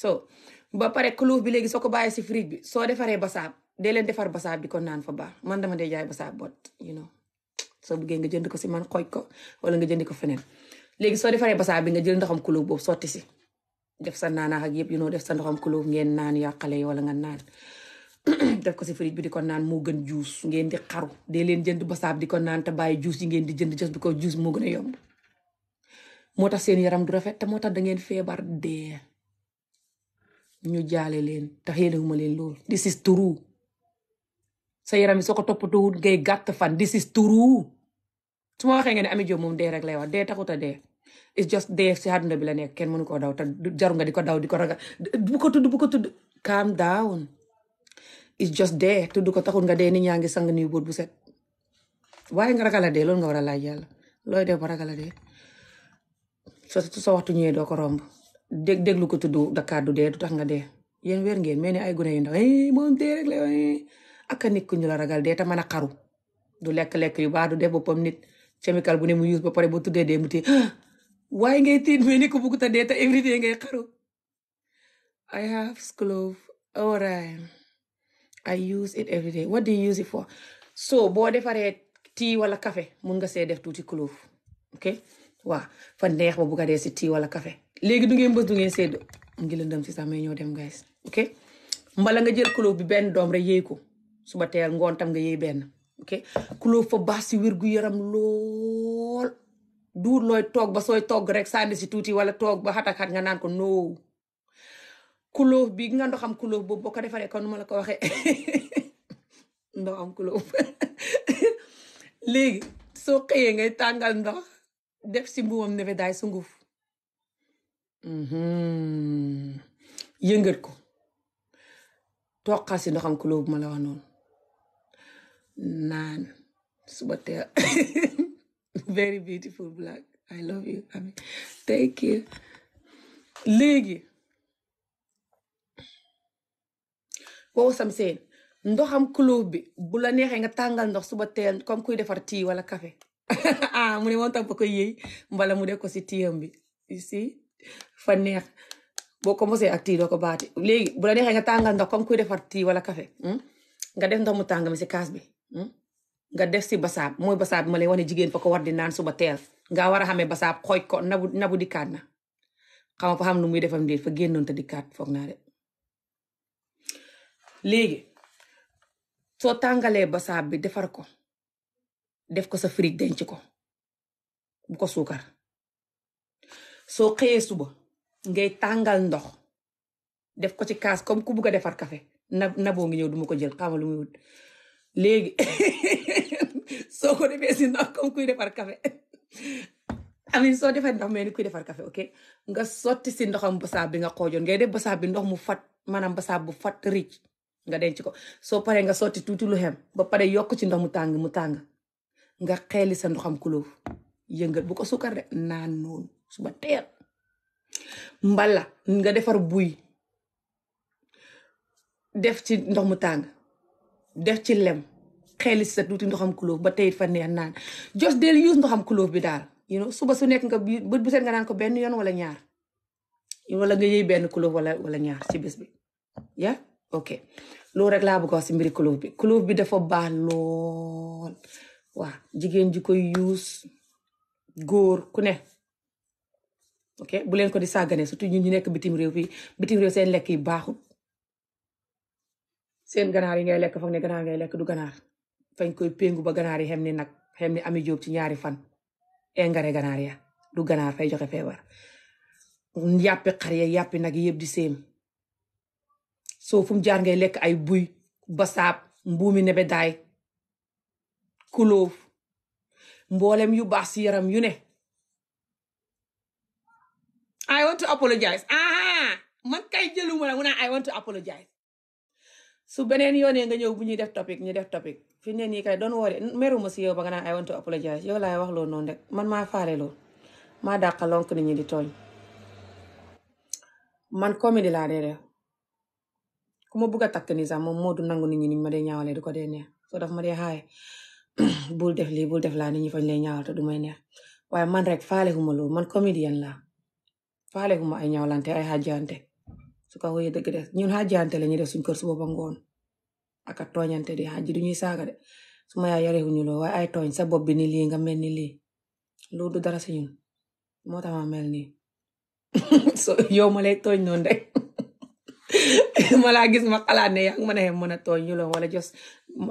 soo ba pare kulo bi léegi soo ko bàyyee si fridge bi soo defaree basaab de leen defar basaab bi ko naan fa baax man dama dee jaay basaab bot soo buggee nga jënd ko si man xooj ko wala nga jëndi ko feneen léegi soo defaree basaab bi nga jël ndoxam kulóob boobu sotti si def sa naanaax ak yëpp yu noo def sa ndoxam kulóob ngeen naan yàqale wala nga naan def ko si fridge bi di ko naan moo gën juus ngeen di xaru dee leen jënd basaab di ko naan te bàyyi juus yi ngeen di jënd jos bi ko juus moo gën a yomb moo tax seen yaram du rafet te moo tax da ngeen feebar dee ñu jaale leen te xéenewuma leen lool this yaram yi soo ko fan this is su ma waxee nga ne Ami Diop moom dee rek lay wax dee taxut a dee it's just dee si àdduna bi la nekk kenn mënu koo daw te jaru nga di ko daw di ko ragal bu ko tudd bu ko tudd calm down it's just dee tudd ko taxul nga dee nit ñaa ngi sang nii buut bu set waaye nga ragal a dee loolu nga war a laaj yàlla looy def ba ragal a dee so sa waxtu ñëwee doo ko romb dég déglu ko tudd da kàddu dee du tax nga dee yéen wér ngeen mel ni ay gune yu ndaw moom dee rek la ak a nit ku ñu la ragal dee te mën a xaru du lekk-lekk yu baax du def boppam chemical bu ne mu use ba pare boo tuddee dee mu tee ah, waaye ngay tiit mais ni ko bugg ta dee te everyday ngay xaru I have clove alright I use it everyday soo boo defaree tii wala kafe mun nga see def tuuti clove ok waaw fa neex ba bugg dee si tii wala kafe léegi du ngeen bës du ngeen mu ngi lëndëm si sax may ñoo dem guys ok mbala nga jël clove bi benn doom rek yéey ko suba teel ngoon nga yéey benn ok clove fa baax si wér-gu-yaram lool duur looy toog ba sooy toog rek sànni si tuuti wala toog ba xat ak xat nga naan ko no clove bi nga ndoxam clove boobu boo ko defaree kon nu ma la ko waxee ndoxam clove léegi soo xëyee ngay tàngal ndox def si mbuumam nebedaay sunguf mm-hmm. yëngat ko toqal si ndoxam clove bu ma la wax noonu naan suba teel very beautiful black I love you Ami thank you léegi wow sam seen ndoxam kulóof bi bu la neexee nga tàngal ndox suba teel comme kuy defar tii wala kafe ah mu ne moom tam ko koy yëy mbala mu def ko si tiyam bi si fa neex boo commencé ak tii doo ko baati léegi bula la neexee nga tàngal ndox comme kuy defar tii wala café hmm? nga def ndox mu tàng si kaas bi Hmm? nga def si basaab mooy basaab bi ma wax ne jigéen fa ko war di naan suba teel nga war a xamee basaab xooj ko nabu nabu dikkaat na xama fa xam nu muy defam ndéet fa génnoon te dikkaat foog naa de léegi soo tàngalee basaab bi defar ko def ko sa frigo ci ko bu ko suukar soo xëyee suba ngay tàngal ndox def ko ci kaas comme ku bugg a defar kafe na naboo ngi ñëw duma ko jël xama lu muy léegi soo ko defee si ndox comme kuy defar café amin soo defee ndox mel ni kuy defar kafe ok nga sotti si ndoxam basaab bi nga xoojoon ngay def basaab bi ndox mu fat maanaam basaab bu fat ric nga denc ko soo paree nga sotti tuuti lu xem ba pare yokk ci ndox mu tàng mu tàng nga xeeli sa ndoxam kulóof yëngal bu ko suukar de naan noonu suba teel mbala nga defar buy def ci ndox mu tàng def ci lem xeeli sa tuuti ndoxam kulóof ba tey fa neex naan just del use ndoxam kulóof bi daal you suba su nekk nga bët bu set nga naan ko benn yoon wala ñaar wala nga yëy benn kulóof wala walla ñaar ci bis bi ya ok loolu rek laa bëgg wax si mbiri kulóof bi kulóof bi dafa baax lool waa jigéen ji koy use góor ku ne ok bu leen ko di sàggane surtout ñun ñu nekk bitim réew bi bitim réew seen lekk yi baaxul seen ganaar yi ngay lekk foog ne ganaar ngay lekk du ganaar fañ koy péngu ba ganaar yi xem ni nag xem ni ami jóob ci ñaari fan engrais ganaar ya du ganaar fay joxe feebar yàppi xar ya yàppi nag yëpp di séem soo fu mu jaar lekk ay buy basaab mbuumi nebedaay kulóof mboolem yu baax si yaram yu ne I want to apologize ah man kay jëluma la mu I want apologize su beneen yoonee nga ñëw bu ñuy def topic ñu def topic fi mu ne nii kay doon woore meruma si yow ba nga naan I want to apologize yow laay wax loolu noonu rek man maa faale loolu maa dàqa lonk ñi di tooñ man comédie laa dee def ku ma bugg sax moom moo du nangu nit ñi ni ma dee ñaawale di ko dee neex soo daf ma dee xaaye bul def li bul def laa ni ñi fañ lay ñaawal du may neex waaye man rek faale xuma loolu man comédienne laa faale xuma ay ñaawlante ay xajjante su ko wéyee dëgg des ñun xàjjante la ñuy def suñ kër su booba ngoon ak a tooñante di xàjji du ñuy saaga de su ma yaay yarewuñu loo waaye ay tooñ sa bopp bi ni lii nga mel ni lii loolu du dara si ñun moo tax ma mel ni so yow ma lay tooñ noonu ma laa gis ma xalaat ne yaa ngi mën a mën a tooñ ñu loo wala just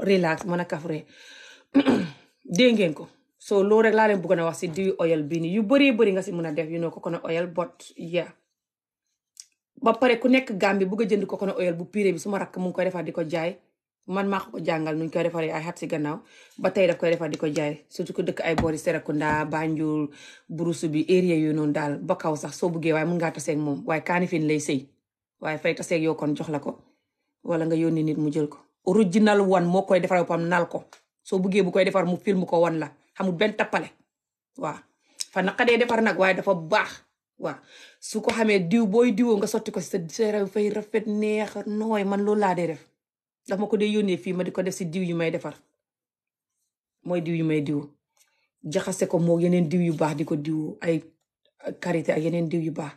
relax mën kafre dégg ngeen ko so loolu rek laa leen bëggoon a wax si diw oil bii yu bëree bëri nga si mën a def you know coconut oil but yeah ba pare ku nekk Gambie bugg ko jënd coconut oil bu purée bi suma rakk mu ngi koy defar di ko jaay man maa ko jàngal nuñ koy defaree ay xat si ba tey daf koy defar di ko jaay surtout que dëkk ay boori Serekunda Banjul burusu bi area yooyu noonu daal ba kaw sax soo buggee waaye mun ngaa taseeg moom waaye kaanifin lay sëy waaye fay taseeg yow kon jox la ko wala nga yónni nit mu jël ko. original one moo koy defar pam nal ko soo buggee bu koy defar mu film ko wan la xamul benn tappale waaw fa naqadee defar nag waaye dafa baax waa su ko xamee diw booy diwoo nga sotti ko si sa yaram fay rafet neex nooy man loolu laa dee def ndax ko dee yónnee fii ma di ko def si diw yu may defar mooy diw yu may diw jaxase ko moo yeneen diw yu baax di ko diw ay karité ak yeneen diw yu baax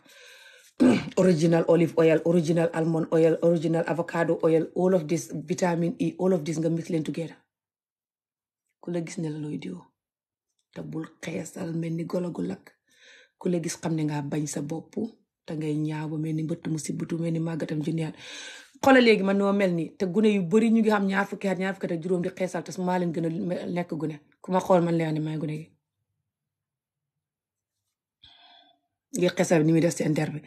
original olive oil original almond oil original avocado oil all of vitamin E all of nga mix leen together ku la gis ne la looy diw te bul xeesal mel ni golo lakk ku la gis xam ne nga bañ sa bopp te ngay ñaaw ba mel ni mbëtt mel ni màggatam junniyaat xoolal léegi man noo mel nii te gune yu bari ñu ngi xam ñaar fukki at ñaar fukki juróom di xeesal te maa leen gën a nekk gune ku ma xool man lay ne maay gune gi ngir xeesal bi ni muy def seen der bi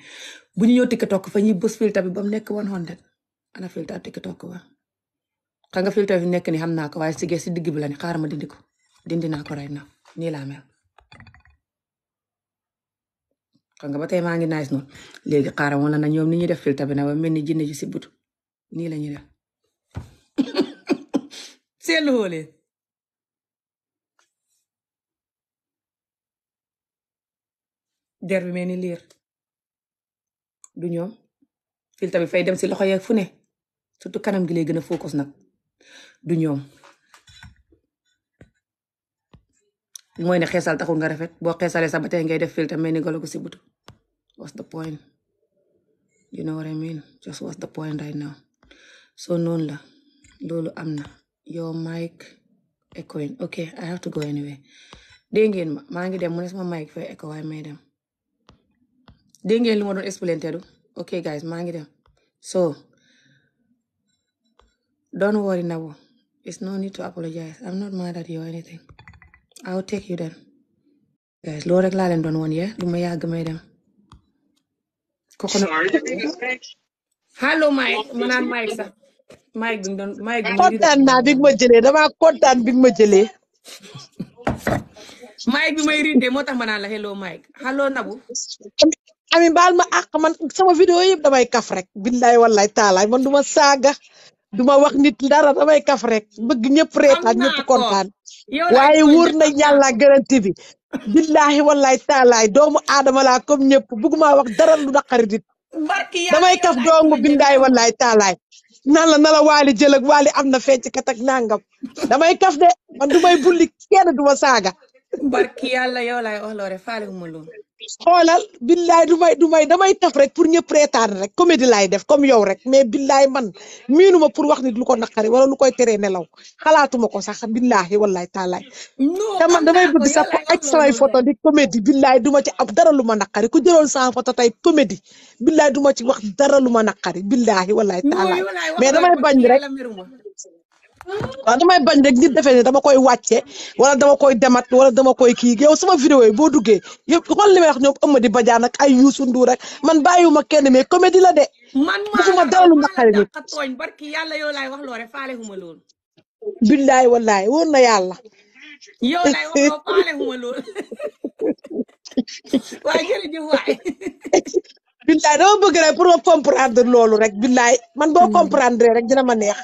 bu ñu ñëw tiktok fa ñu bës filtre bi ba mu nekk one hundred ana filtre tiktok wa xam nga filtre bi nekk ni xam naa ko waaye si digg bi la ni xaaral dindi ko dindi naa ko rey na nii laa mel xam nga ba tey maa ngi nice noonu léegi xaaral wala na ñoom ni ñuy def filtre bi nag mel ni jinne ji si butu nii la ñuy def seetlu woo leen mel ni liir du ñoom filtre fay dem si loxo yeeg fu ne surtout kanam gi lay gën a focus nag du ñoom mooy ne xeesal taxul nga rafet boo xeesalee sa ba tey ngay def filtre mel ni golo gu si butu what's the point you know what I mean just what's the point right la loolu am na your mic echoing ma maa ngi dem mu ne sama mic fay echo waaye may dem dégg ngeen li ma doon explain teedu ok guys maa ngi dem so don't worry Nabou it's no need to apologize I'm not mad you anything I'll take you then. Guys, loolu rek laa leen doon woon yee du ma yàgg may dem. kooku nag Sorry to be this bitch. allo Mike ma naan Mike sax Mike bi mu doon Mike bi mu ngi kontaan naa bi nga ma jëlee damaa kontaan bi nga ma jëlee. Mike bi may rindee moo tax ma naan la hello Mike allo Nabou. ami baal ma àq man sama vidéo yëpp damay kaf rek billaay wallaay taalaay man du ma saaga du ma wax nit dara damay kaf rek bëgg ñëpp reetaan ñëpp kontaan. waaye wóor na yàlla garanti bi billahi wallahi taalaay doomu aadama laa comme ñëpp bugguma wax dara lu naqari dit damay kaf doongu bindaay wallahi taalaay nan la na la waali jël ak waali am na fecc kat ak nangam damay kaf de man du may du ma saaga barki yàlla yow laay xoolal billaay du may du may damay taf rek pour ñëpp reetaan rek comédie laay def comme yow rek mais billaay man miinu ma pour wax nit lu ko naqari wala lu koy teree nelaw xalaatuma ko sax billaahi wallaay taalaay te man damay bëgg sax ak samay photo di comédie billaay du ma ci am dara lu ma naqari ku jëloon sama photo tey comédie billaay du ci wax dara lu ma naqari billaahi wallaay taalaay mais damay bañ rek waaw damay bañ rek nit defee ne dama koy wàcce wala dama koy demat wala dama koy kii yow sama vidéo yi boo duggee yëpp xool li may wax ñoom Amady Badiane ak ay Youssou rek man bàyyiwuma kenn mais la de. man maa la man maa la tooñ barki yàlla yow laay wax loore faale huma lool. billaay wallaay wóor na yàlla. yow laay wax loo faale huma lool. waa jërëjëf waay. billaay dama bëgg rek pour ma comprendre loolu rek billaay man boo hmm. comprendre rek dina ma neex.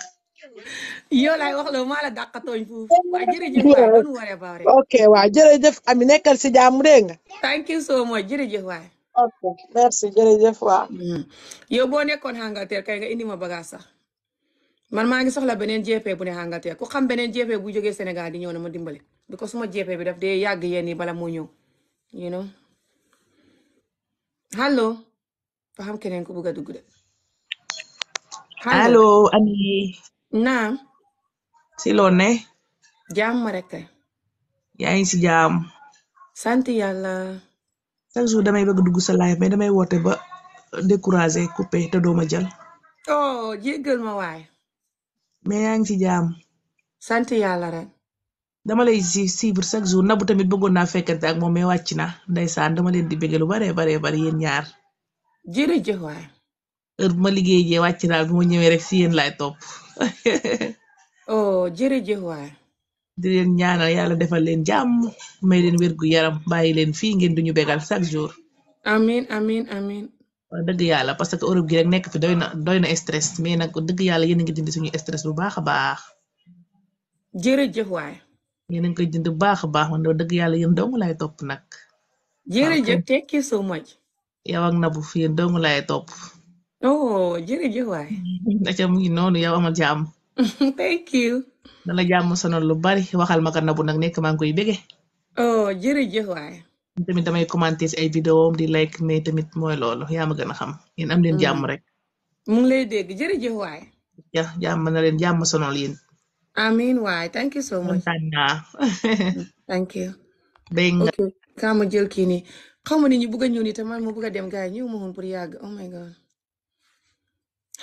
yow laay wax loolu maa la dàqatooñ foofu waa jërëjëf waay kon wala baare ok waaw jërëjëf nekkal si jàmm dégg nga thank you so much jërëjëf waay ok merci jërëjëf waaw hmm. yow boo nekkoon Angleterre kay nga indi ma bagage sax man maa ngi soxla beneen jeepee bu ne Angleterre ku xam beneen jeepee bu jógee Sénégal di ñëw na ma dimbale parce que suma jeepee bi daf dee yàgg yéen yi bala moo ñëw you know allo xam keneen ku bëgg a dugg de allo naam si loo ne jàmm rek yaa ngi ci jaam sant yàlla chaque jour damay bëgg dugg sa live mais damay woote ba découragé coupé te dooma jël oh jéggal ma waay mais yaa ngi ci jaam sant yàlla rek dama lay si suivre chaque jour bu tamit bëggoon naa fekkante ak moom mais wàcc na saan dama leen di bëgg lu bare bare bare yéen ñaar jërëjëf heure bu ma liggéey jee wàcc naa bu ma ñëwee rek si yéen laay topp oh jërëjëf waay di leen ñaanal yàlla defal leen jàmm may leen wér gu yaram bàyyi leen fii ngeen du ñu bégal chaque jour amin amin amin waaw dëgg yàlla parce que Europe gi nekk fi doy na doy na stress mais nag dëgg yàlla yéen a ngi dindi suñu stress bu baax a baax jërëjëf waay yéen a ngi koy dindi bu baax a baax man dëgg yàlla yéen dong laay topp nag jërëjëf so much yow ak fi yéen dong topp oh jërëjëf waay. ndax mu ngi noonu yow amal jàmm. thank you. dana jàmm sonal lu bari waxal ma na bu nag nekk maa ngi koy bëgge. oh jërëjëf waay. tamit damay commenter ay vidéo di like mais tamit mooy loolu yaa ma gën a xam in am leen jàmm mm. rek. mu ngi lay dégg jërëjëf waay. ja jàmm na leen jàmm sonal yéen. amiin waay thank you so much. kontaan naa. thank nga ok kaa jël kii nii xaw ma ni ñu bëgg a ñëw nii te man ma a dem gars yi ñëw ma pour yàgg oh my god.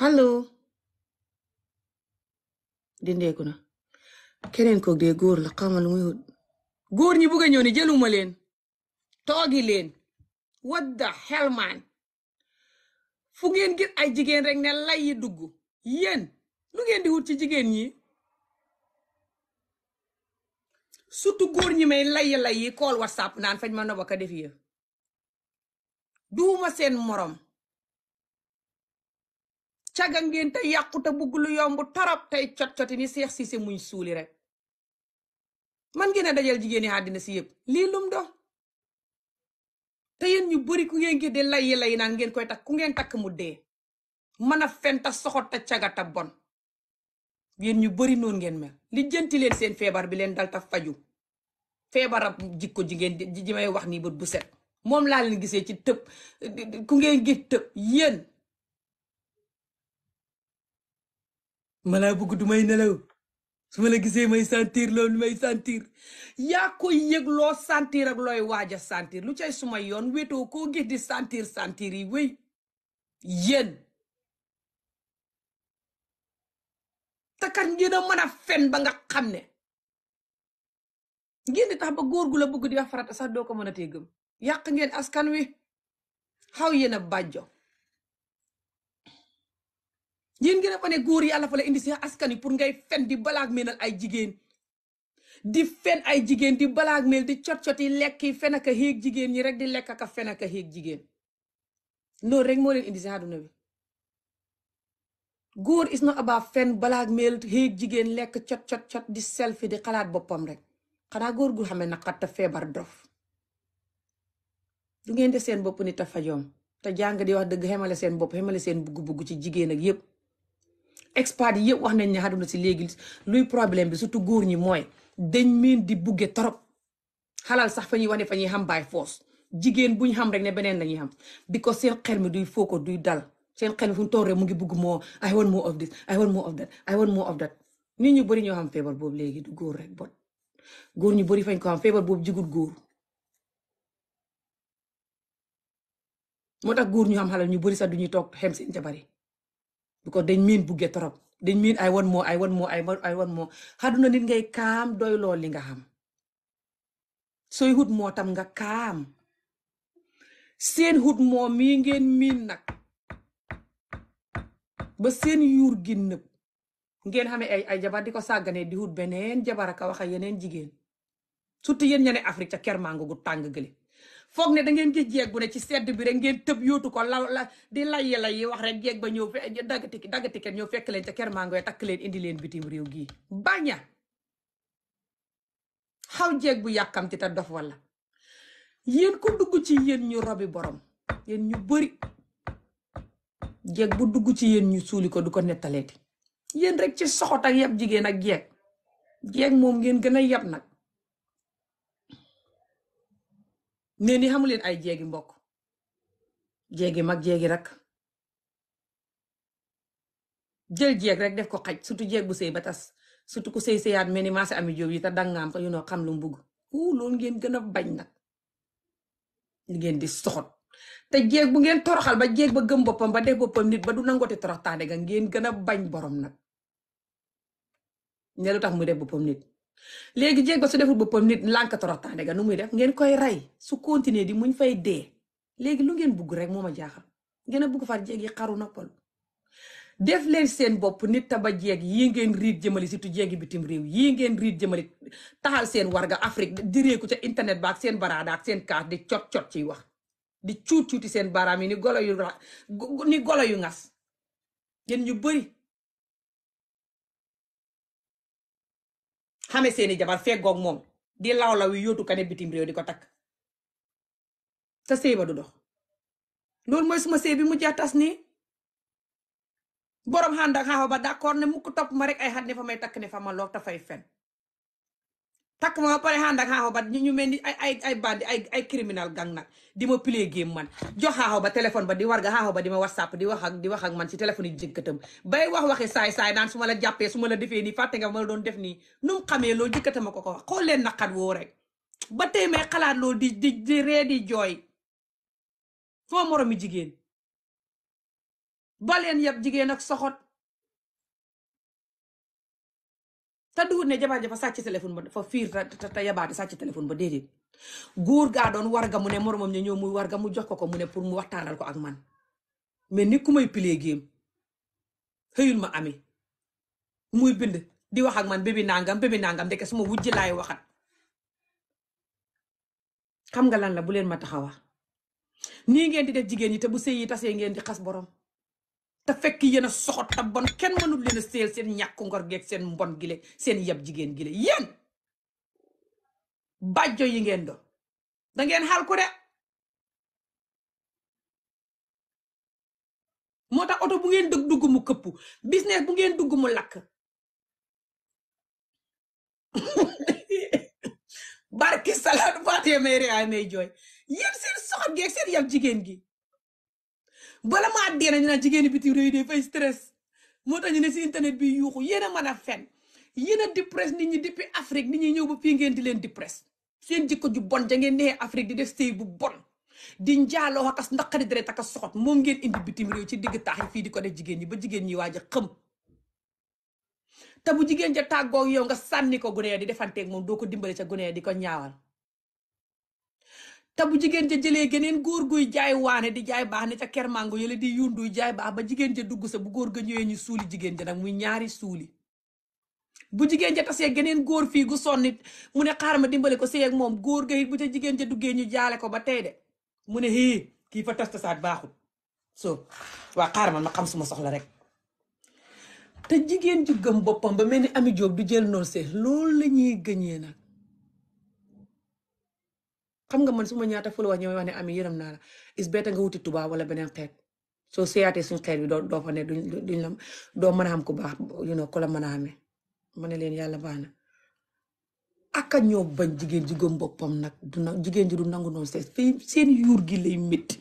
allo dindeeku na keneen ko dee góor la xamal muy góor ñi bugg a ñëw ne jëluma leen toogi leen what the hell man fu ngeen gis ay jigéen rek ne lay yi dugg yéen lu ngeen di wut ci jigéen ñi surtout góor ñi may lay lay yi call whatsapp naan fañ ma noba ka def yéen duuma seen morom caga ngeen te yàqu te bugg yomb torop tey cot-coti ni seex siise muñ suuli rek man ngeen a dajal jigéen yi àddina si yëpp lii lum doon te yéen ñu bari ku ngeen di yi layi naan ngeen koy takk ku ngeen takk mu dee mën a fenta soxot ta caga te bon yéen ñu bari noon ngeen mel li jënti leen seen feebar bi leen dal ta faju feebarab jikko jigéen ngeen ji may wax nii bët bu set moom laa leen gisee ci tëb ku ngeen gis tëb yéen malaa bugg du may nelaw su ma la gisee may sentir loolu may sentir yaa koy yëg loo sentir ak looy waaja a lu cay suma yoon wéetoo koo gis di sentir sentir yi wéy yén takat ngeen a a fen ba nga xam ne ngeen di tax ba góor gu la bëgg di wax farata sax doo ko mën a tee yàq ngeen askan wi xaw yéen a bàjjo yéen ngeen fa ne góor yàlla fa la indi si askan wi pour ngay fen di balaag meenal ay jigéen di fen ay jigéen di balaag meel di cot coti lekk yi fen ak a xéeg jigéen ñi rek di lekk ak a fen ak a xéeg jigéen loolu rek moo leen indi si àdduna bi góor is not about fen balaag meel xéeg jigéen lekk cot cot cot di selfie di xalaat boppam rek xanaa góor gu xamee naqar te feebar dof du ngeen de seen bopp ni ta fajoom te jàng di wax dëgg xemale seen bopp xemale seen bugg-bugg ci jigéen ak yépp experts yëpp wax nañ ne àdduna si léegi luy problème bi surtout góor ñi mooy dañ miin di bugge torop xalal sax fa ñuy wax ne fa ñuy xam by force jigéen bu ñu xam rek ne beneen la ñuy xam di ko seen xel mi duy foo ko duy dal seen xel mi fu mu toog rek mu ngi bugg moo I want more of this I want more ñu bëri ñoo xam feebar boobu léegi du góor rek góor ñu bëri fañ ko xam feebar boobu jigul góor moo tax góor ñu xam xalal ñu bari sax du ñuy toog xem si jabar yi because dañ miin bugge trop dañ miin ay wan moo ay wan moo ay wan moo xaduna nit ngay kaam doy lool li nga xam sooy xut moo tam nga kaam seen xut moo mii ngeen miin nag ba seen yuur gi nëb ngeen xamee ay ay jabar di ko sàgganee di xut beneen jabar ak a wax ak yeneen jigéen surtout yéen ña ne Afrique ca kermango gu tàng gële foog ne da ngeen gis jeeg bu ne ci sedd bi rek ngeen tëb yootu ko la la di layi layi wax rek jeeg ba ñëw fe dagatiki dagatike ñëw fekk leen ca ker mangoy takk leen indi leen bitim réew gii baña xaw jeeg bu yàkkamti ta dof wala yéen ku dugg ci yéen ñu robi borom yéen ñu bëri jeeg bu dugg ci yéen ñu suuli ko du ko nettaleeti yéen rek ci soxot ak yab jigéen ak jeeg jeeg moom ngeen gën a yab nag mais ni xamu leen ay jéegi mbokk jéegi mag jéegi rak jël jéeg rek def ko xaj surtout jéeg bu sëy ba tas surtout ku sëy sëyaat mel ni maase ami jóob yi te dangaam te yu noo xam lu mu bugg uu ngeen gën a bañ nag li ngeen di soxot te jéeg bu ngeen toroxal ba jéeg ba gëm boppam ba def boppam nit ba du nangooti toroxtaane ga ngeen gën a bañ borom nag ne lu tax mu def boppam nit léegi jéeg ba su deful boppam nit lànk toroxtaane ga nu muy def ngeen koy rey su continuer di muñ fay dee léegi lu ngeen bugg rek moom ma jaaxam ngeen bugg far jéeg yi xaru noppal def leen seen bopp nit taba jeeg yii ngeen riit jëmali surtout jéegi bitim réew yii ngeen riit jëmali taxal seen warga Afrique direeku ca internet ba ak seen baraada ak seen kaas di cot cot ciy wax di cuut cuuti seen baraam yi ni golo yu ni golo yu ngas yéen ñu bëri xame seeni jabar feggoog moom di lawlaw yi yóotu ka ne bitim réew di ko takk sa sëy du dox loolu mooy suma sëy bi mu jatas nii borom xànd ak xaaxo ba d'accord ne mukk topp ma rek ay xat fa may takk ne fa ma loog ta fay fen takk ma ba pare xànd ak xaaxaw ba ñu ñu mel ni ay ay ay bandi ay ay criminal gang nag di ma play game man jox xaaxaw ba téléphone ba di warga xaaxaw ba di ma whatsapp di wax ak di wax ak man si téléphone yi jëkkatam bay wax waxi saay saay naan su ma la jàppee su ma la defee nii fàtte nga ma la doon def nii nu mu xamee loolu jëkkatama ko ko wax xool leen naqat woo rek ba tey may xalaat loo di di di ree di jooy foo moromi jigéen ba leen yab jigéen ak soxot te duwut ne jabar jafa sàcc téléphone ba dafa fiir te te yabaate sàcc téléphone ba déedéet góor gaa doon warga mu ne moromam ña ñëw muy warga mu jox ko ko mu ne pour mu waxtaanal ko ak man mais ni ku may pilee géem xëyul ma ami muy bind di wax ak man bébi nangam bébi nangam ndeke suma wujj laay waxat xam nga lan la bu leen ma taxawa nii ngeen di def jigéen ñi te bu sëy yi tasee ngeen di xas boroom te fekk yéen a soxot ta bon kenn mënul leen a séel seen ñàkk ngor geeg seen mbon gile seen yab jigéen gi yéen bàjjo yi ngeen doon da ngeen ku de moo tax oto bu ngeen dug dugg mu këpp bu ngeen dugg mu lakk barki salaat faatee may ree ay may jooy yéen seen soxot geeg seen yab jigéen gi bala maa dee nañu naan jigéen bitim réew yi day fay stress moo tax ñu ne si internet bi yuuxu yéen a mën a fen yéen a depress ni ñi depuis Afrique ni ñi ñëw ba fii ngeen di leen depress seen jikko ju bon ja ngeen nee di def sëy bu bon di njaaloo xakas naqari deret ak soxot moo ngeen indi bitimir réew ci digg taax yi fii di ko def jigéen ñi ba jigéen ñi waaj a xëm te bu jigéen ja tàggoo yow nga sànni ko gune ya di defanteeg moom doo ko dimbale ca gune di ko ñaawal te bu jigéen ja jëlee geneen góor guy jaay waane di jaay baax ne ca kermango yële di yunduy jaay baax ba jigéen ja dugg sa bu góor ga ñëwee ñu suuli jigéen ja nag muy ñaari suuli bu jigéen ja tasee geneen góor fii gu sonnit mu ne xaar ma dimbale ko sëy moom góor ga bu ca jigéen ja duggee ñu jaale ko ba tey de mu ne hii kii fa tas tasaat baaxul so waa xaar ma ma xam suma soxla rek te jigéen ju boppam ba mel ni ami jóob du jël noonu see loolu la ñuy gëñee nag xam nga man su ma ñaata ful waa ñëw wax ne ami yërëm naa la is better nga wuti tubaab wala beneen xeet soo seeyaatee suñ xeet bi doo doo fa ne duñ duñ doo mën a xam ku baax you know ku la mën a amee ma ne leen yàlla baax na aka ñoo bañ jigéen ji boppam nag du jigéen ji du nangu noonu seen yuur gi lay métti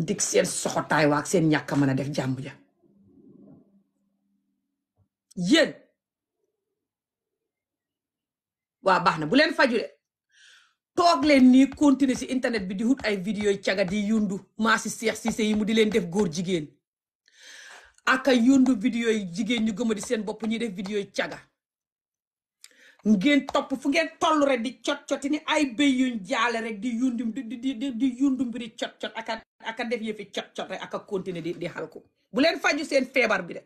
ndig seen soxotaay waa ak seen ñàkk mën a def jàmb ja yéen waa baax na bu leen faju de toog leen nii continuer si internet bi di wut ay vidéo yi caga di yundu maa si Seex Siise yi mu di leen def góor jigéen aka yundu vidéo yi jigéen ñu gëma di seen bopp ñuy def vidéo yi caga ngeen topp fu ngeen toll rek di cot coti ni ay béy yuñ jaale rek di yundum di di di yundu mbiri cot cot aka def yëfi cot cot rek aka continuer di di xalku bu leen faju seen feebar bi de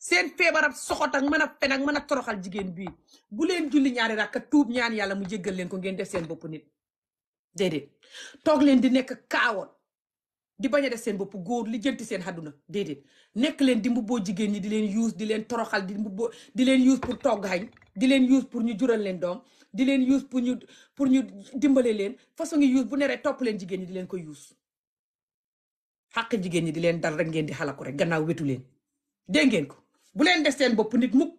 seen feebarab soxot ak mana a fen ak mën a toroxal jigéen bii bu leen julli ñaari rakka tuub ñaan yàlla mu jéggal leen ko ngeen def seen bopp nit déedéet toog leen di nekk kaawoon di bañ def seen boppu góor li jënti seen xaduna déedéet nekk leen di mbubboo jigéen ñi di leen yuus di leen toroxal di mbubboo di leen yuus pour toog xañ di leen yuus pour ñu jural leen doom di leen yuus pour ñu pour ñu dimbale leen façon ngi yuus bu neree topp leen jigéen ñi di leen ko yuus xàq jigéen ñi di leen dal rek ngeen di xalaku rek gannaaw leen ngeen ko bu leen des seen bopp nit mukk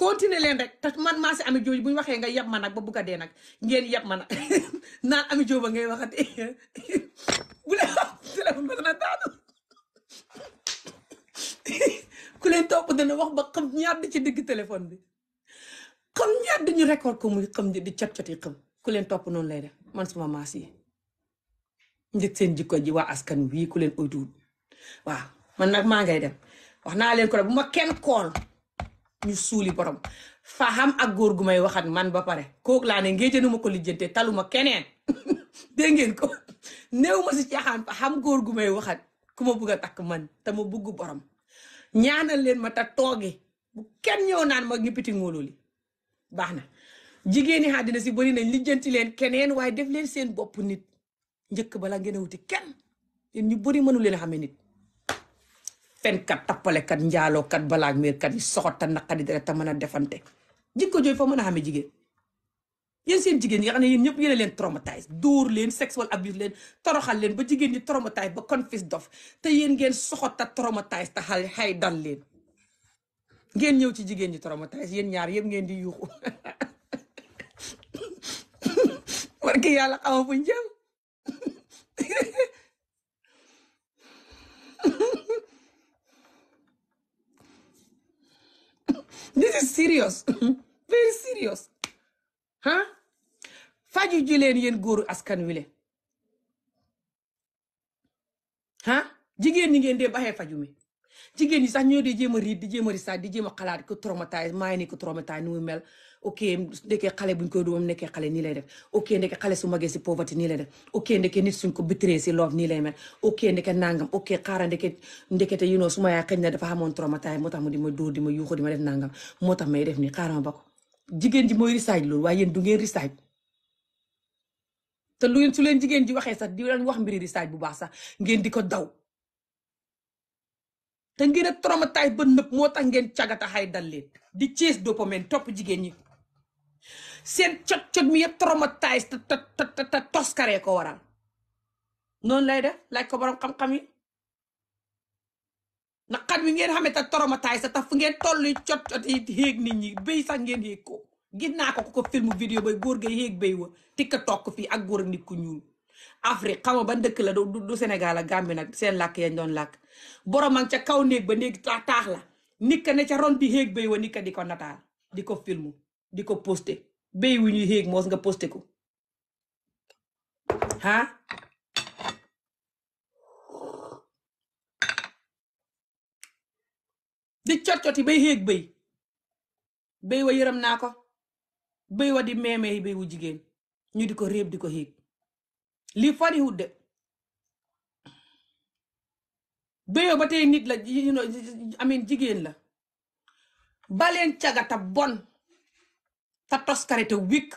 continuer leen rek ta man maa si Ami Joob bu ñu waxee nga yab ma nag ba bugg a dee nag ngeen yab ma nag naan Ami Joob ba ngay waxati bu leen téléphone ba dana wax ba xam ñaar di ci digg téléphone bi xam ñaar di ñu record ko muy xam di cot cot yi xam ku leen topp noonu lay def man suma maas yi njëkk seen jikko ji waa askan wii ku leen oytuwul waaw man nag maa ngay dem wax naa leen ko ne bu ma kenn kool ñu suuli borom faham ak góor gu may waxat man ba pare kooku laa ne ngéejanu ma ko talu ma keneen dégg ngeen ko néew ma si caaxaan faham góor gu may waxat ku ma bugg a takk man te ma bugg borom ñaanal leen ma ta tooge bu kenn ñëw naan ma ñippiti ngóolu li baax na jigéeni àddina si bëri nañ lijjanti leen keneen waaye def leen seen bopp nit njëkk bala ngeen a wuti kenn yéen ñu bëri mënu leen a xamee nit fenkat tappalekat njaalookat balaag miirkat yi soxota ta dara te mën a defante jikko jooy fa mën a xamee jigéen yéen seen jigéen ñi nga xam ne yéen ñëpp yéen leen traumatise dóor leen sexual abuse leen toro xal leen ba jigéen ñi traumatise ba confis dof te yéen ngeen soxota traumatise te xal xay dal leen ngeen ñëw ci jigéen ñi traumatise yéen ñaar yëpp ngeen di yuuxu yàlla xama buñ this is serious very serious ah faju ji leen yéen góoru askan wi le ah jigéen ñi ngeen dee baxee faju mi jigéen ñi sax ñoo dee jéem a riit di jéem a risaat di jéem a xalaat ko traumatise maa ngi ni ko traumatise nu muy mel ok ndeke xale buñ koy doom nekkee xale nii lay def ok ndeke xale su magee si pauvreté nii lay def ok ndeke nit suñ ko bitree si loof nii lay mel ok ndeke nangam ok xaara ndeke ndekete yu noo su ma yaa xëñ na dafa xamoon traumatisme moo tax mu di ma dóor di ma yuuxu di ma def moo tax may def nii xaara ko jigéen ji mooy risaaj loolu waaye yéen du ngeen risaaj te lu su leen jigéen ji waxee sax di leen wax mbiri risaaj bu baax sax ngeen di ko daw te ngeen a traumatisé ba nëpp moo tax ngeen cagata xay dal leen di cees dopamine topp jigéen ñi seen cot-cot mi yëpp traumatise te te te te ko waral noonu lay def laaj ko borom xam-xam yi naqat mi ngeen xamee te traumatise te fu ngeen toll cot-cot yi yéeg nit ñi béy sax ngeen yéeg ko gis naa ko ko film vidéo ba góor ga yéeg béy wa tiktok fii ak góor ak nit ku ñuul Afrique xam nga ban dëkk la du du Sénégal ak Gambie nag seen làkk yañ doon làkk borom ak ca kaw néeg ba néeg taax la nit ka ne ca ron bi yéeg béy wa nik ka di ko nataal di ko filmu di ko posté béy wu ñuy xéeg moos nga posté ko ah di cot-coti bay xéeg béy béy wa yërëm naa ko béy wa di meemee béy wu jigéen ñu di ko réeb di ko xéeg lii fari wut de béyoo ba tey nit la amin jigéen la baleen cagata bon te toskarité wik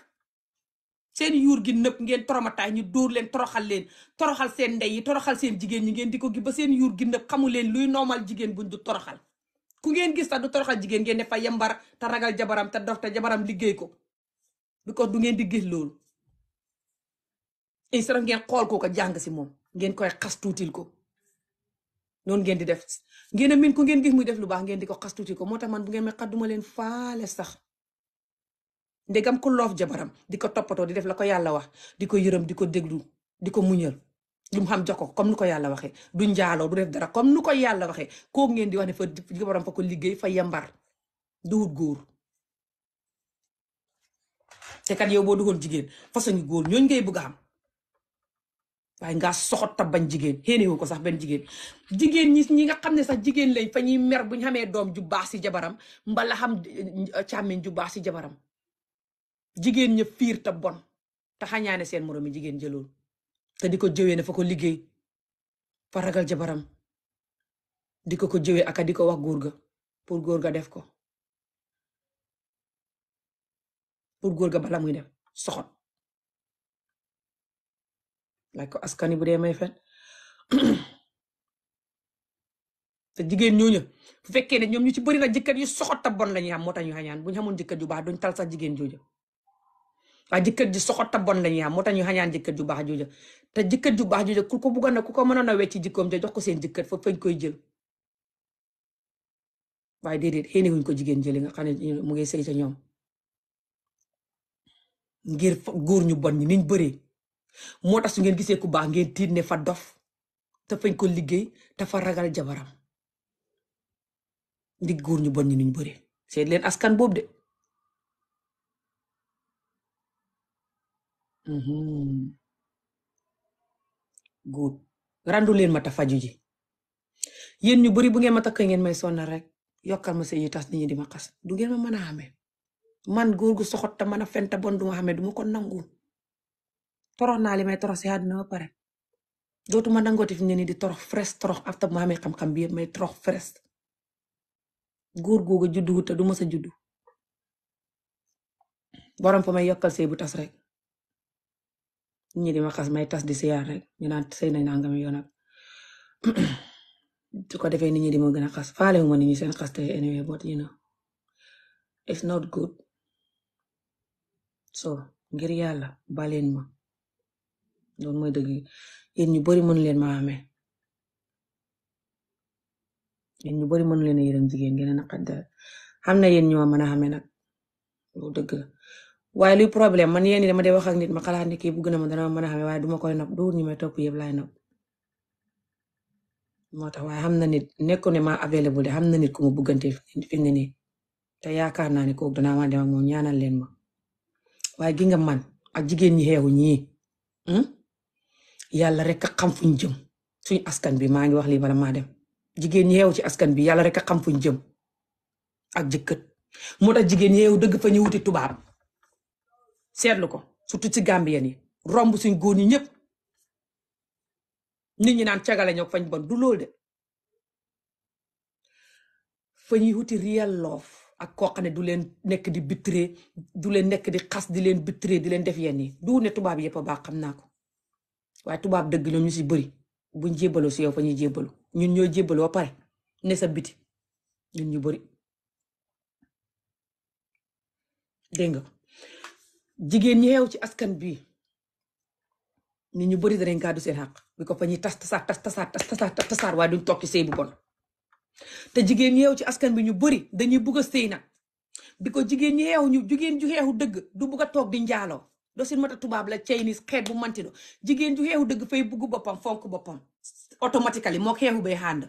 seen yuur gi nëpp ngeen toromataay ñu dóor leen toroxal leen toroxal seen ndey yi toroxal seen jigéen ñi ngeen di ko gi ba seen yuur gi nëpp xamu leen luy normal jigéen buñ du toroxal ku ngeen gis sax du toroxal jigéen ngeen ne fa yembar te ragal jabaram te dof te jabaram liggéey ko because du ngeen di gis lool instead ngeen xool ko ko jàng si moom ngeen koy xas tuutil ko noonu ngeen di def ngeen a min ku ngeen gis muy def lu baax ngeen di ko xas ko moo tax man bu ngeen may xadduma leen faale sax ndegam ku loof jabaram di ko toppatoo di def la ko yàlla wax di ko yërëm di ko déglu di ko muñal lu xam jox ko comme nu ko yàlla waxee du njaaloo du def dara comme nu ko yàlla waxee koo ngeen di wax ne fa jabaram fa ko liggéey fa yembar du wut góor te yow boo duggoon jigéen façon góor ñooñ ngay bëgg a am waaye ngaa soxot ta bañ jigéen xéene woo ko sax benn jigéen jigéen ñi ñi nga xam ne sax jigéen lañ fa ñuy mer bu ñu xamee doom ju baax si jabaram mbala xam eh, càmmiñ ju baax si jabaram jigéen ña fiir te bon te xañaane seen moroomi jigéen jëlool te di ko jëwee na fa ko liggéey fa ragal jabaram di ko ko jëwee aka di ko wax góor pour góor ga def ko pour góor ga bala muy dem soxot laaj ko askani bu dee may fen te jigéen ñooñu bu fekkee ñoom ñu ci bëri na jëkkat yu soxot te bon lañuy am moo tax ñu xañaan bu ñu xamoon jëkkat yu baa duñ tal jigéen jooju waaye jëkkër ji soxot ta bon lañuy am moo tax ñu xañaan jëkkër ju baax jooja te jëkkër ju baax jooja ku ko bëggoon na ku ko mënoon a wecci jikkoom ja jox ko seen jëkkër foofu fañ koy jël waaye déedéet xëy wuñ ko jigéen jële nga xam ne mu ngi sëy ca ñoom ngir góor ñu bon ñi niñ bëree moo tax su ngeen gisee ku baax ngeen tiit ne fa dof te fañ ko liggéey te fa ragal jabaram ndi góor ñu bon ñi niñ bëree seet askan boobu de Mhm. good leen ma ta faju ji yéen ñu bari bu ngeen ma takk ngeen may sonna rek yokkal ma seen yi tas nit ñi di ma xas du ngeen ma mën a xamee man góor gu soxot ta mën a fenta bon du ma xamee du ma ko nangu torox naa li may torox si àdduna ba pare dootuma nangooti fi ne ni di torox fres torox afta bu ma xamee xam-xam bi yëpp may torox fres góor googu juddu te du ma sa juddu borom fa may yokkal sey bu tas rek ñi di ma xas may tas di siyaar rek ñu naan sëy nañ nangam yoon ak su ko defee nit ñi gën a xas faale wu ma nit ñi seen xas te anyway but you know good so ngir yàlla baleen ma loolu mooy dëgg yéen ñu bari mënu leen ma amee yéen ñu bari mënu leen a yërëm jigéen ngeen a naqar xam na yéen ñoo mën a amee nag loolu dëgg waaye luy problème man yéen dama dee wax ak nit ma xalaat ne kii bugg na ma dana ma mën a xamee waaye duma koy nopp duur ñi may topp yëpp laay nopp moo tax waaye xam na nit nekku ma maa available de xam na nit ku ma buggante fi ne nii te yaakaar naa ne kooku danaa ma dem ak moom ñaanal leen waaye gi nga man ak jigéen ñi xeewu ñii hmm? yàlla rek a xam fuñ jëm suñ askan bi maa ngi wax lii bala maa dem jigéen ñi ci askan bi yàlla rek a xam fuñ jëm ak jëkkët moo tax jigéen ñi dëgg fa ñu tubaab seetlu ko surtout ci yenn yi romb suñ góor ñi ñëpp nit ñi naan cagale ñoo fañ bon du loolu de fa ñuy wuti real love ak koo ne du leen nekk di bitré du leen nekk di xas di leen bitré di leen def yenn yi du ne tubaab yëpp a baax xam naa ko waaye tubaab dëgg ñoo ñu si bari buñ jébbaloo si yow fa ñuy jébbalu ñun ñoo jébbaloo ba pare ne biti ñun ñu bari dégg nga jigéen ñi xew ci askan bi nit ñu bëri danañ gàddu seen xàq bi ko fa ñuy tas tasaar tas tasaar tas tasaar tas duñ toog ci sëy te jigéen ñi ci askan bi ñu bëri dañuy bugg a sëy bi ko jigéen ñi xew ñu jigéen ju xeexu dëgg du bugg a toog di njaaloo dosin mata tubaab la Chinese xeet bu manti jigéen ju xeexu dëgg fay bugg boppam fonk boppam automatiquement moo xeexu bay xànd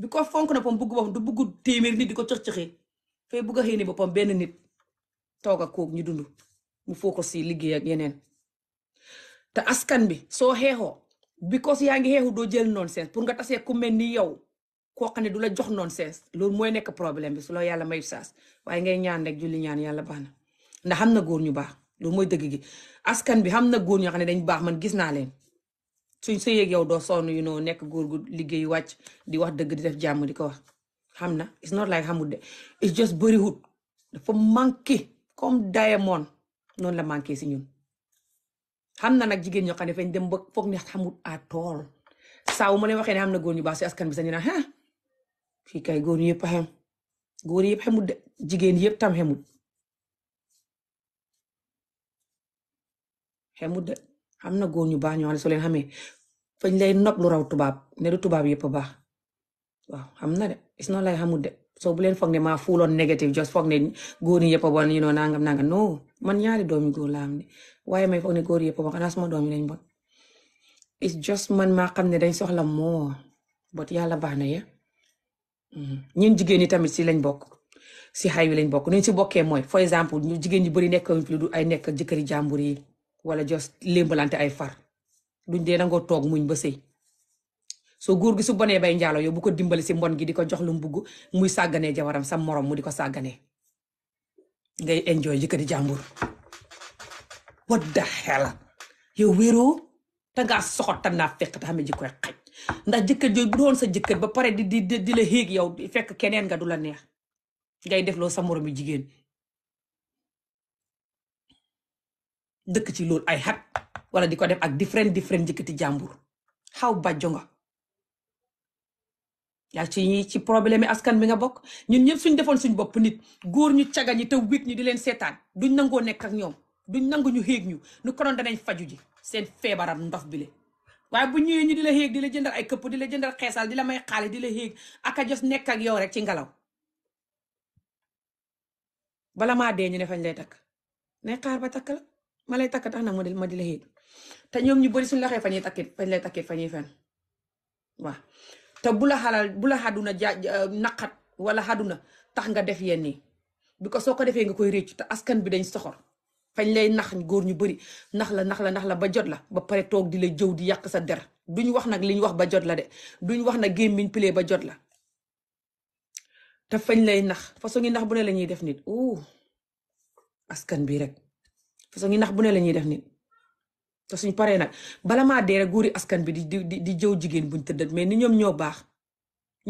bi ko fonk na pam bugg boppam du bugg téeméer nit di ko cëx-cëxee fay bugg a xëy ni boppam benn nit toog ak koog ñu dund mu focus si liggéey ak yeneen te askan bi soo xeexoo because yaa ngi xeexu doo jël nonsense pour nga tasee ku mel ni yow koo xam ne du la jox nonsense loolu mooy nekk problème bi su la yàlla mayu saas waaye ngay ñaan rek julli ñaan yàlla baax na ndax xam na góor ñu baax loolu mooy dëgg gi askan bi xam na góor ñoo xam ne dañ baax man gis naa leen suñ sa yow doo sonn yu nekk góor gu liggéeyu wàcc di wax dëgg di def jàmm di ko wax xam na it's not like xamul de it's just bëriwut dafa manqué comme diamond noonu la manké si ñun xam na nag jigéen ñoo xam ne fañ dem ba foog ne xamut à tool saa ma leen waxee ne am na góor ñu baax si askan bi sax ñu naan ah góor ñu góor yëpp xamut jigéen yëpp tam xamut am na góor ñu baax ñoo xam ne soo leen xamee fañ lay nopp lu raw tubaab ne tubaab yëpp a baax waaw xam na de is noonu lay xamut de. so bu leen foog ne maa fuuloon négative just foog ne góor yi yëpp a bon you know nangam nangam no man ñaari doomi góor laa am waaye may foog ne góor yëpp a bon xanaa sama doom yi lañ bon it's just man maa xam ne dañ soxla moo bot yàlla baax na ya mm-hmm. ñun jigéen ñi tamit si lañ bokk si xay wi lañ bokk ni si bokkee mooy for exemple ñu jigéen ñi bari nekk lu du ay nekk jëkkëri jàmbur yi wala just lémbalante ay far duñ dee nangoo toog muñ ba sëy soo góor gi su bonee bay njaalo yow bu ko dimbali si mbon gi di ko jox lu mu bugg muy sàgganee jabaram sa morom mu di ko sàgganee ngay enjoy jëkkëri jàmbur what the yow wéeroo te ngaa soxot te naa fekk te xamee jikkoy xaj ndax jëkkër jooju bu doon sa jëkkër ba pare di di di la héeg yow fekk keneen nga du la neex ngay def loo sa moromi jigéen dëkk ci loolu ay xat wala di ko def ak different different jëkkëti jàmbur xaw bàjjo nga yaa ci ñi ci problème yi askan bi nga bokk ñun ñëpp suñ defoon suñ bopp nit góor ñu caga ñi te wéeg ñi di leen seetaan duñ nangoo nekk ak ñoom duñ nangu ñu xéeg ñu nu konoon danañ faju ji seen feebaram ndof bi le waaye bu ñëwee ñi di la xéeg di la jëndal ay këpp di la jëndal xeesal di la may xaalis di la xéeg aka jos nekk ak yow rek ci ngelaw bala maa dee ñu ne fañ lay takk ne xaar ba takk la ma lay takk tax na ma di ma di la xéeg te ñoom ñu bëri suñ laxee xee fañuy takkit fañ lay takkit fañuy te bula la bula bu la xaduna euh, naqat wala xaduna tax nga def yenn yi bi ko soo ko defee nga koy réccu te askan bi dañ soxor fañ lay nax góor ñu bari nax la nax la nax la ba jot la ba pare toog di la jëw di yàq sa der duñ wax nag liñ wax ba jot la de duñ wax nag gémmiñ pilee ba jot la te fañ lay nax façon ngi nax bu ne la def nit uh askan bi rek façon ngi nax bu ne la ñuy def nit te suñ paree nag bala maa dee rek góori askan bi di di di jëw jigéen buñ tëdd mais ni ñoom ñoo baax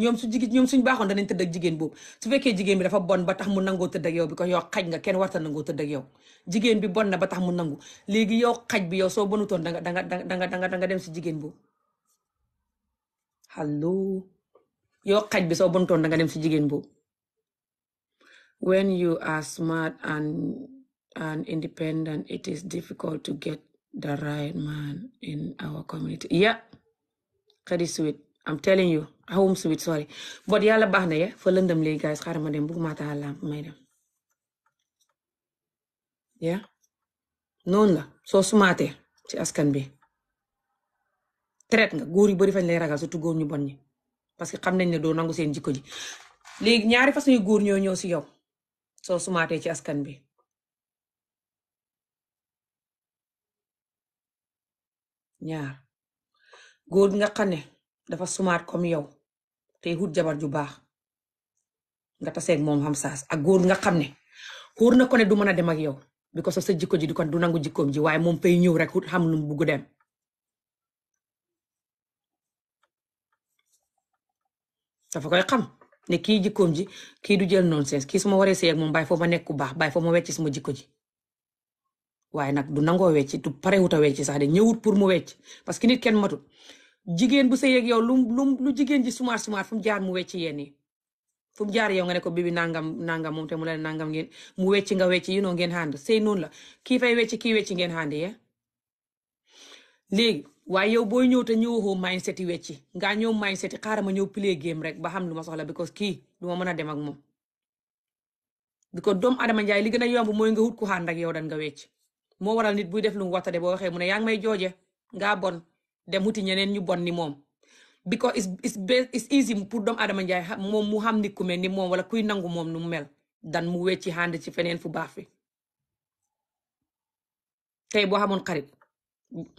ñoom su jigéen ñoom suñ baaxoon danañ tëdd ak jigéen boobu su fekkee jigéen bi dafa bon ba tax mu nangoo tëdd ak bi ko yow xaj nga kenn warta nangoo tëdd ak yow bi bon na ba tax mu nangu léegi yow xaj bi yow soo bonutoon danga danga danga danga danga dem si jigéen boobu allo yow xaj bi soo bonutoon danga dem si jigéen boobu when you are smart and and independent it is difficult to get the right man in our community. Yeah, xëy sweet I'm telling you xawum sweet sorry but yàlla baax na ye fa lëndëm léegi guys xaaral ma dem bugguma taal lamp may dem yeah noonu la soo sumaatee ci askan bi trait nga góor yi bari fañ lay ragal surtout góor ñu bon ñi parce que xam nañ ne doo nangu seen jikko ji léegi ñaari façon yu góor ñoo ñëw si yow soo sumaatee ci askan bi ñaar góor nga xam ne dafa sumaat comme yow te hut jabar ju baax nga taseeg moom xam saas ak góor nga xam ne xóor na ko du mën a dem ak yow because of sa jikko ji du kon du nangu jikkoom ji waaye moom fay ñëw rek hut xam lu mu bugg dem dafa koy xam ne kii jikkoom ji kii du jël nonsense kii su ma waree sëy ak moom bàyyi foo ma nekk ku baax bàyyi foo ma wecc suma jikko ji waaye nag du nangoo wecc du parewut a wecc sax de ñëwut pour mu wecc parce que nit kenn matut jigéen bu sa yeeg yow lu lu lu jigéen ji sumaar sumaar fu mu jaar mu wecc yéen yi fu mu jaar yow nga ne ko bi nangam nangam moom te mu la nangam ngeen mu wecci nga wecc yi noonu ngeen xànd sëy noonu la kii fay wecc kii wecc ngeen xànd ye léegi waaye yow booy ñëw te ñëwoo mindset yi wecci ngaa ñëw mindset yi xaaral ma ñëw play game rek ba xam lu ma soxla because kii du mën a dem ak moom because doomu adama njaay li gën a yomb mooy nga wut ku xànd ak yow dan nga wecc moo waral nit buy def lu mu watade boo waxee mu ne yaa may jooje ngaa bon dem wuti ñeneen ñu bon ni moom because it's it's it's easy pour doomu Adama Njaay moom mu xam nit ku mel ni moom wala kuy nangu moom nu mu mel dan mu wecci hànd ci feneen fu baax fi te boo xamoon xarit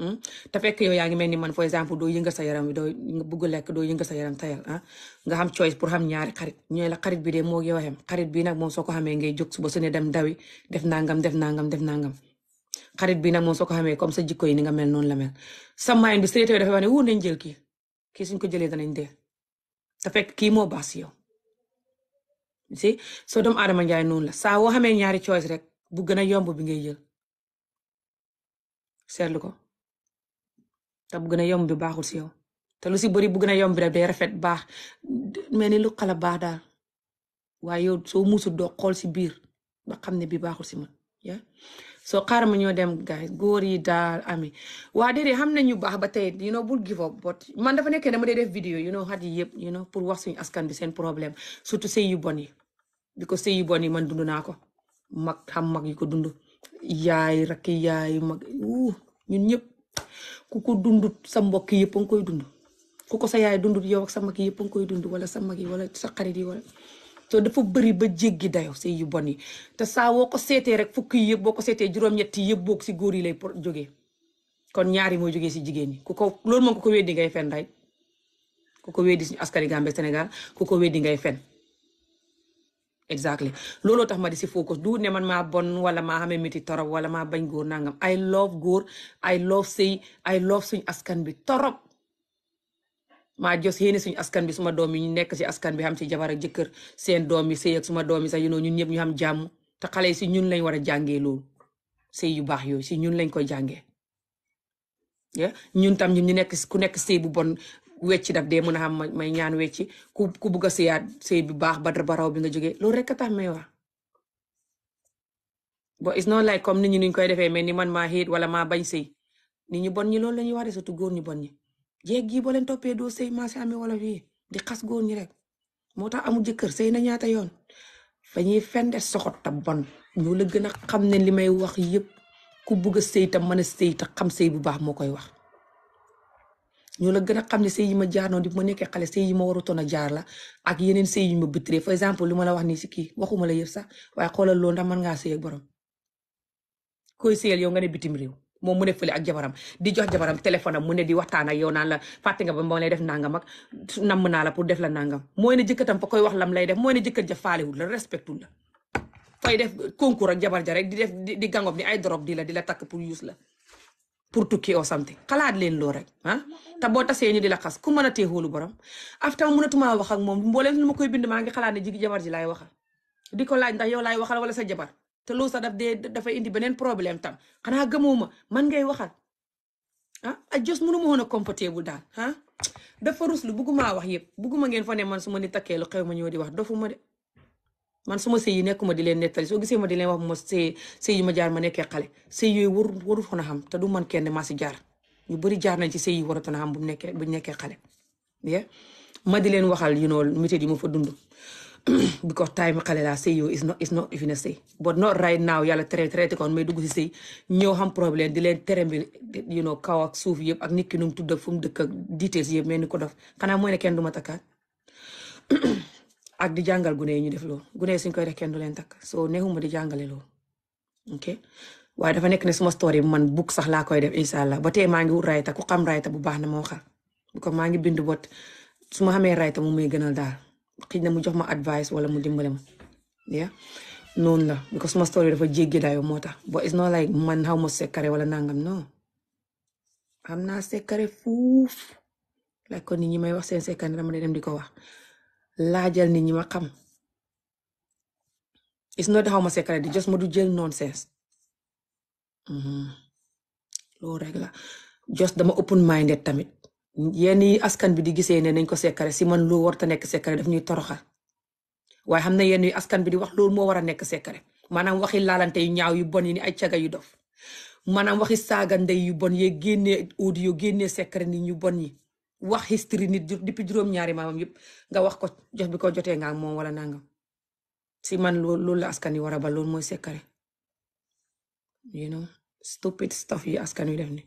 mm, ta fekk yow yaa ngi mel ni man for exemple doo yënga sa yaram bi doo bugg lekk doo yënga sa yaram tayal ah, nga xam choice pour xam ñaari xarit ñooy la xarit bi de moo yow xam xarit bi nag moom soo ko xamee ngay jóg suba su ne dem dawi def nangam def nangam def nangam xarit bi a moom soo ko xamee comme sa jikko yi ni nga mel noonu la mel sa mind bi straight away dafa wax ne wu nañ jël kii kii suñ ko jëlee danañ dee te fekk kii moo baax si yow si soo doomu aadama njaay noonu la saa woo xamee ñaari choice rek bu gën a yomb bi ngay jël seetlu ko te bu gën yomb bi baaxul si yow te lu si bëri bu gën a yomb bi rek day rafet baax mel ni lu xala baax daal waaye yow soo muusul doo xool si biir ba xam ne bi baaxul si man yaa soo xaaral ma ñoo dem guys góor yi daal ami waa déedéet xam ñu baax ba tey you know bul gi up but man dafa nekkee dama dee def vidéo you know xat yi yëpp you know pour wax suñu askan bi seen problème surtout sëy yu bon yi because sëy yu bon yi man dundu naa ko mag xam mag yi ko dund yaay rakk yaay mag wuu ñun ñëpp ku ko dundut sa mbokk yëpp a ngi koy dund ku ko sa yaay dundu yow ak sa mag yëpp a koy dund wala sa mag yi wala sa xarit yi wala so dafa bëri ba jéggi dayoo sëy yu bon yi te saa woo ko seetee rek fukk yi yëpp boo ko seetee juróom-ñett yi yëpp boog si góor yi pour jógee kon ñaari mooy jógee si jigéen ñi ku ko loolu moom ku ko weddi ngay fen day ku ko weddi suñu askari Gambie Sénégal ku ko weddi ngay fen exactly looloo tax ma di si focus du ne man maa bon wala maa xamee métti torop wala maa bañ góor nangam I love góor I love sëy I love suñu askan bi torop maa jos yéene suñu askan bi suma doom yi ñu nekk ci askan bi xam ci jabar ak jëkkër seen doom yi sëy ak suma doom yi sax yénoo ñun ñëpp ñu xam jàmm te xale yi si ñun lañ war a jàngee loolu sëy yu baax yooyu si ñun lañ koy jàngee ñun tam ñun ñu nekk ku nekk sëy bu bon wecci daf dee mën a xam may ñaan wecci ku ku bugg a sëyaat sëy bu baax ba baraw bi nga jógee loolu rek a tax may wax bon it's not like comme nit ñi nuñ koy defee mais ni man maa xiit wala maa bañ sëy nit ñu bon ñi loolu la ñuy wax de surtout góor ñu bon ñi jeeg gi boo leen toppee doo sëy maasi amee wala fii di xas goon ñi rek moo tax amul jëkkër sëy na ñaata yoon fa ñuy fende soxot ta bon ñoo la gën a xam ne li may wax yëpp ku a sëy ta mën xam sëy bu baax moo koy wax ñoo la gën a xam ne sëy yi ma jaar noonu di ma nekkee xale sëy yi ma warutoon a jaar la ak yeneen sëy yi ma bitiree par exemple lu ma la wax nii si kii waxuma la yëpp sax waaye xoolal loolu ndax mën ngaa sëy ak borom koy sëyal yow nga ne bitim réew moom mu ne fële ak jabaram di jox jabaram téléphone am mu di waxtaan ak yow naan la fàtte nga ba moo lay def nangam ak namm naa la pour def la nangam mooy ne jëkkatam fa koy wax lam lay def mooy ne jëkkat ja faalewul la respectul la fay def jabar ja rek di def di gàngob ni ay drogue di la di la takk pour use la pour tukki oo samti xalaat leen loo rek ah boo tasee ñu di la xas ku mën a tee xóolu borom afta mënatumaa wax ak moom mbooleem lu koy bind maa ngi xalaat ne jigi jabar ji laay waxal di ko laaj ndax yow laay waxal wala sa jabar te loolu sax daf dee dafay indi beneen problème tam xanaa gëmoo ma man ngay waxal ah ak ah, jos mënu ma woon a compatible daal ah dafa ruslu bugguma wax yëpp bugguma ngeen fa ne man su ma ni takkee lu xew ma ñëw di wax dofu ma man su ma sëy yi nekkuma di leen nettali soo gisee ma di leen wax ma sëy sëy yi ma jaar ma nekkee xale sëy yooyu waru waru fa xam te du man kenn maa jaar ñu bëri jaar ci sëy yi waratu na xam bu nekkee bu nekkee xale ma di leen waxal yu noonu métier yi ma fa dund because time xale laa sëy yow is not is not even a sëy but not right now yàlla tere traité kon may dugg si sëy ñëw xam problème di leen tere bi you know kaw ak suuf yëpp ak nit ki nu mu tudd ak dëkk ak details yëpp mais ni ko def xanaa mooy ne kenn du ma takkaat ak di jàngal gune yi ñu def loolu gune yi suñ koy def kenn du leen takk so neexuma di jàngale loolu ok waaye dafa nekk ne suma story bi man book sax laa koy def incha allah ba tey maa ngi wut rayta ku xam rayta bu baax na moo xar ko maa ngi bind bot su ma xamee rayta mu may gënal daal xëy na mu jox ma advice wala mu dimbale ma yeah la because ma story dafa jéggi dayo moo tax but it's not like man xaw ma sekkare wala nangam non naa sekkare fuuf la kon nit ñi may wax seen sekkare dama dem di ko wax laajal nit ñi ma xam it's not xaw ma sekkare di just ma du jël nonsense mm-hmm. loolu rek la just dama open minded tamit yenn yi askan bi di gisee ne nañ ko secret si man loo war ta nekk secret daf ñuy toroxa waaye xam na yenn yi askan bi di wax lool moo war a nekk secret maanaam waxi laalante yu ñaaw yu bon yi ni ay caga yu dof maanaam waxi saaga ndey yu bon yee génnee audio génnee secret nit ñu bon yi wax history nit depuis juróom-ñaari maamam yëpp nga wax ko jox bi ko jotee nga ak moom wala nangam si man loolu la askan yi war a ba loolu mooy secret you know stupid stuff yi askan wi def ni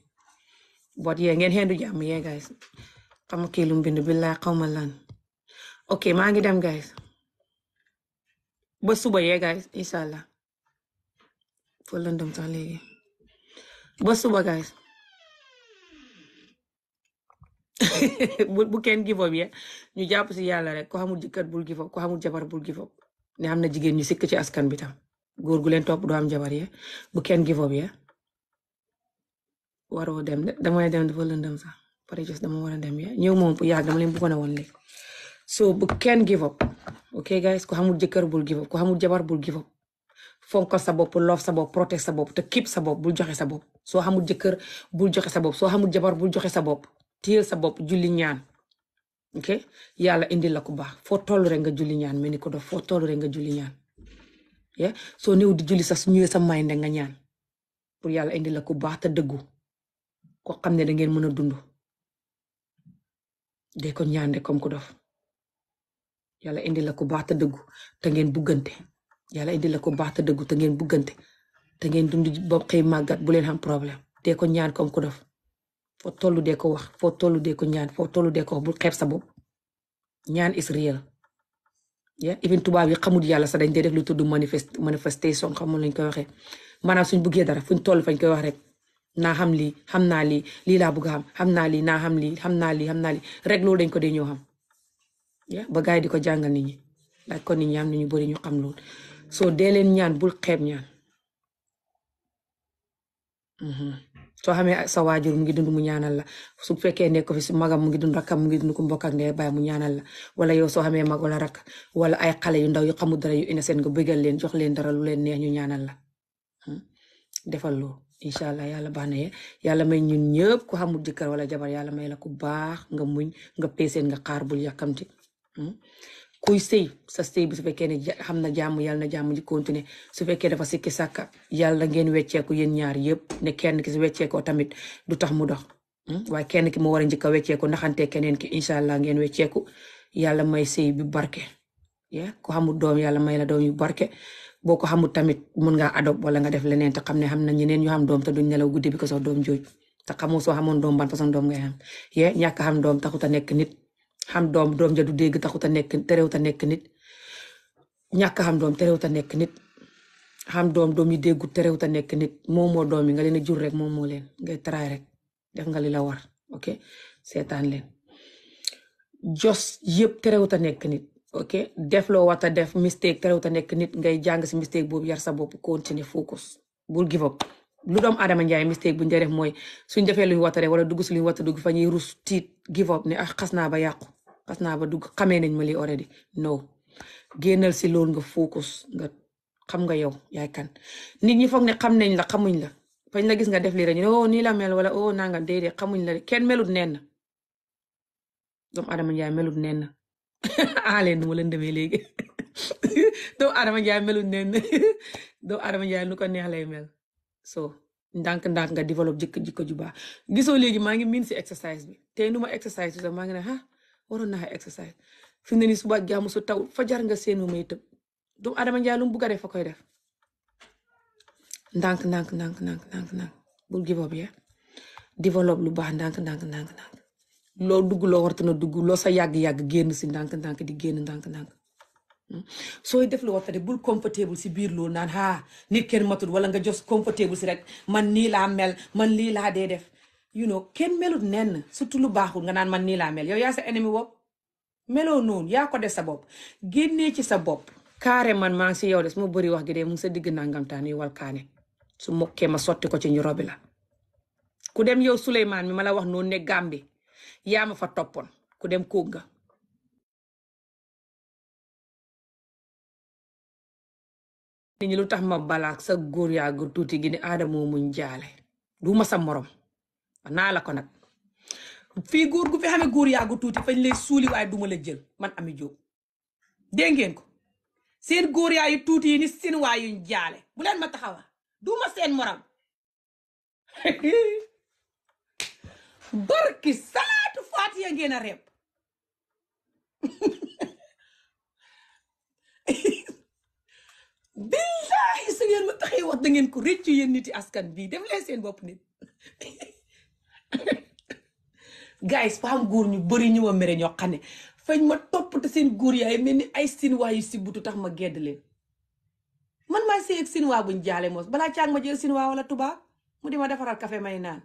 but yee ngeen xendu jàmm yeah guys xama kii lu mu bind bi laa xaw ma lan ok maa ngi dem guys ba suba yeah guys insha allah fo lëndëm sax léegi ba suba guys bu kenn give up ya ñu jàpp si yàlla rek ko xamul jëkkër bul give ko xamul jabar bul give ne am na jigéen ñu sikk ci askan bi tam góor gu leen topp du am jabar ya bu kenn give up waroo dem de damay dem dafa lëndëm sax pare just dama war a dem ya ñëw moom bu yàgg dama leen bëggoon a woon léegi so bu kenn give up ok guys ku jëkkër bul gi up ku jabar bul give up fonkal sa bopp loof sa bopp protect sa bopp te keep sa bopp bul joxe sa bopp soo xamul jëkkër bul joxe sa bopp soo xamul jabar bul joxe sa bopp téyel sa bopp julli ñaan ok yàlla indi la ku baax foo toll rek nga julli ñaan ni ko dof foo toll rek nga julli ñaan yeah di julli sax su sa may nga ñaan pour yàlla indi la ku baax te dëggu ko xam ne da ngeen mën a dund de ko ñaande comme ku dof yàlla indi la ko baax te dëggu te ngeen buggante yàlla indi la ko baax te dëggu te ngeen buggante te ngeen dund ba xëy màggat bu leen am problème de ko ñaan kom ku dof foo tollu dee ko wax foo tollu dee ko ñaan foo tollu de ko wax bu xeeb sa bopp ñaan israel ya even tubaab yi xamul yàlla sax dañ dee def lu tudd manifest manifestation xamul lañ koy waxee maanaam suñ buggee dara fu fuñ toll fañ koy wax rek naaxam xam lii xam naa lii lii laa bëgg a xam naa lii naa xam lii xam naa lii xam rek loolu dañ ko dee ñëw xam ba gars di ko jàngal ni ñi laaj ko nit ñi am na ñu bari ñu xam loolu soo dee ñaan bul xeeb ñaan mm-hmm. soo xamee sawaajur mu ngi dund mu ñaanal la su fekkee nekk fi su magam mu ngi dund rakkam mu ngi dund ku mbokk ak ndey mu ñaanal la wala yow soo xamee mag wala rakk wala ay xale yu ndaw yu xamul dara yu seen nga bëggal leen jox leen dara lu leen nee ñu ñaanal la hmm? defal loolu incha allah yàlla baax na yàlla may ñun ñëpp ku xamul jëkkër wala jabar yàlla may la ku baax nga muñ nga peeseen nga xaar bul yàkkamti hmm? kuy sëy sa sëy bi su fekkee ne xam na jàmm yàlla na jàmm ji continuer su fekkee dafa sikki sàkka yàlla ngeen wecceeku yéen ñaar yëpp kenn ki su wecceekoo tamit du tax mu dox hmm? waaye kenn ki mu war a njëkk a wecceeku ndaxante keneen ki incha allah ngeen wecceeku yàlla may sëy bi barke ku xamul doom yàlla may na doom yu barke boo ko xamul tamit mun ngaa adopt wala nga def leneen te xam ne xam na ñeneen yoo xam doom te duñ nelaw guddi bi ko sax doom jooj te xamoo soo xamoon doom ban façon doom ngay xam ye ñàkk xam doom a nekk nit xam doom doom ja du dégg taxut a nekk terewut a nekk nit ñàkk xam doom terewut a nekk nit xam doom doom yi déggut a nekk nit moom moo doom yi nga leen a jur rek moom moo leen ngay taraay rek def nga li la war ok seetaan leen jos yëpp terewut a nekk nit ok def loo wat a def mistake terewut a nekk nit ngay jàng si mistake boobu yar sa bopp continue focus bul give up lu doom Adama Njaay mistake bu njëriñ mooy suñ defee luñ watare wala dugg si luñ wata dugg fa ñuy rus tiit give up ne ah, xas naa ba yàqu xas naa ba dugg xamee nañ ma lii already no génnal si lool nga focus nga xam nga yow yaay kan nit ñi foog ne xam nañ la xamuñ la fañ na gis nga def lii rek ñu oh nii la mel wala oh nanga déedéet xamuñ la kenn melut nen na doom Adama Njaay melut nen na aleen ah, nu ma leen demee léegi doomu Adama Njaay melut neen doomu Adama Njaay nu ko neex lay mel so ndànk ndànk nga développe jikko jikko ju baax gisoo léegi maa ngi miin si exercice bi tey nu ma bi sax maa ngi ne ah waroon naa exercice fi ne nii suba ak jàmm su taw fa jar nga seen may tëb doomu Adama Njaay lu mu def fa koy def ndànk ndànk ndànk ndànk ndànk ndànk bul give lu baax ndànk ndànk ndànk ndànk loo dugg loo warta na dugg loo sa yàgg-yàgg génn si ndànk-ndànk di génn ndànk-ndànk hmm? sooy def lu warta de bul comfortable si biir loolu naan ah nit kenn matul wala nga jos comfortable si rek man nii laa mel man lii dee def you know kenn melut nenn surtout lu baaxul nga naan man nii laa mel yow yaa sa ennemi bopp meloo noonu yaa ko def sa bopp génnee ci sa bopp carrément maa ngi si yow de su ma bëri wax gi de mu sa digg nangam taan yu wal kaane su mokkee ma sotti ko ci ñu robi yaa fa toppoon ku dem kóog nga nit lu tax ma balaak sa góor yaa gu tuuti gi ni aadamoo muñ du ma sa morom naa la ko nag fii góor gu fi xamee góor yaa gu tuuti fañ lay suuli waaye duma la jël man Ami Jóob dégg ko seen góor yaa yu tuuti yi ni seen waa yuñ bu leen ma taxawaa du ma morom barki sala at ya ngeen a reeb billaahi su ngeen ma taxee wax da ngeen ko rëccu yéen niti askan bii def leen seen bopp nit guys fa am góor ñu bëri ñu ma mere ñoo xam ne ma topp te seen góor yaay mel ni ay sinwaa yu si butu tax ma gedd leen man maay sëy ak sinwaa buñ jaale moos balaa caag ma jël sinwaa wala tubaab mu di ma defaral café may naan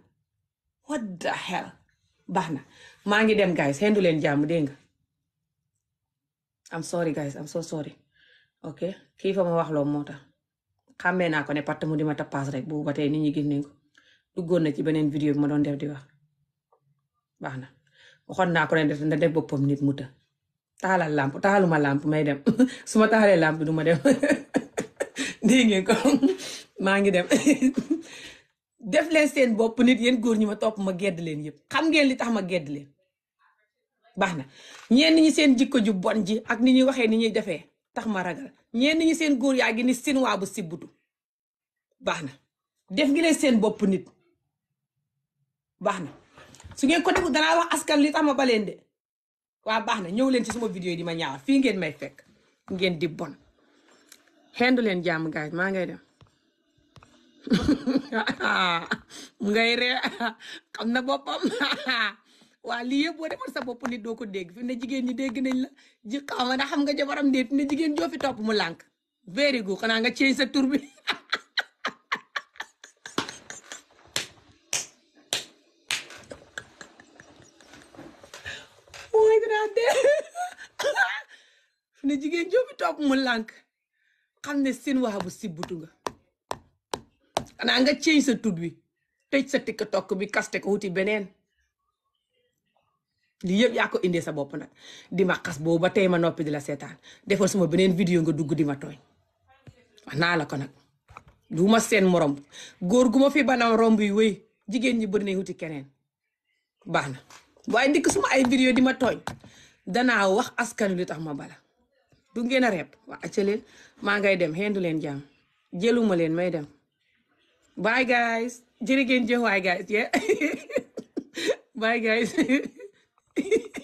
what the baax na maa ngi dem guys xendu leen jàmm dégg nga am sorry guys am so sorry ok kii fa ma wax loo moo tax xàmmee naa ko ne patt mu di ma ta tappaas rek boobu ba tey nit ñi gis nañ ko duggoon na ci beneen vidéo bi ma doon def di wax baax na waxoon naa ko ne def na def boppam nit mu ta taxalal làmp taxaluma làmp may dem su ma taxalee làmp du ma dem dégg ko maa ngi dem def leen seen boppu nit yéen góor ñi ma topp ma gedd leen yëpp xam ngeen li tax ma gedd leen baax na ñenn ñi seen jikko ju bon ji ak ni ñuy waxee ni ñuy defee tax ma ragal ñenn ñi seen góor yaa ngi ni sinwaa bu sibbutu baax na def ngi leen seen boppu nit baax na su ngeen ko defu danaa wax askan li tax ma baleen de waa baax na ñëw leen ci suma vidéo yi di ma ñaawal fii ngeen may fekk ngeen di bon xendu leen jàmm gaay maa ngay dem mu ngay ree xam na boppam waa lii yëpp boo defar sa bopp ni doo ko dégg ne jigéen ñi dégg nañ la ji xaw ma na xam nga jabaram jigéen joo fi topp mu lànk very xanaa nga cey sa tur bi mooy dinaa dee fi ne jigéen joo topp mu lànk xam ne seen waxa bu sibbutu nga xanaa nga ceeñ sa tut bi tëj sa tiktok bi kaste ko wuti beneen lii yëpp yaa ko indee sa bopp nag di ma xas boobu ba tey ma noppi di la seetaan defal suma beneen vidéo nga dugg di ma tooñ wax naa la ko nag du seen morom góor gu ma fi banam romb yi wéy jigéen ñi bëri nañ wuti keneen baax na waaye ndikk suma ay vidéo di ma tooñ danaa wax askan wi tax ma bala du ngeen a reeb waa acca leen maa ngay dem xendu leen jàmm jëluma leen may dem bye guys jërë ngeen jëf waay guys yeah bye guys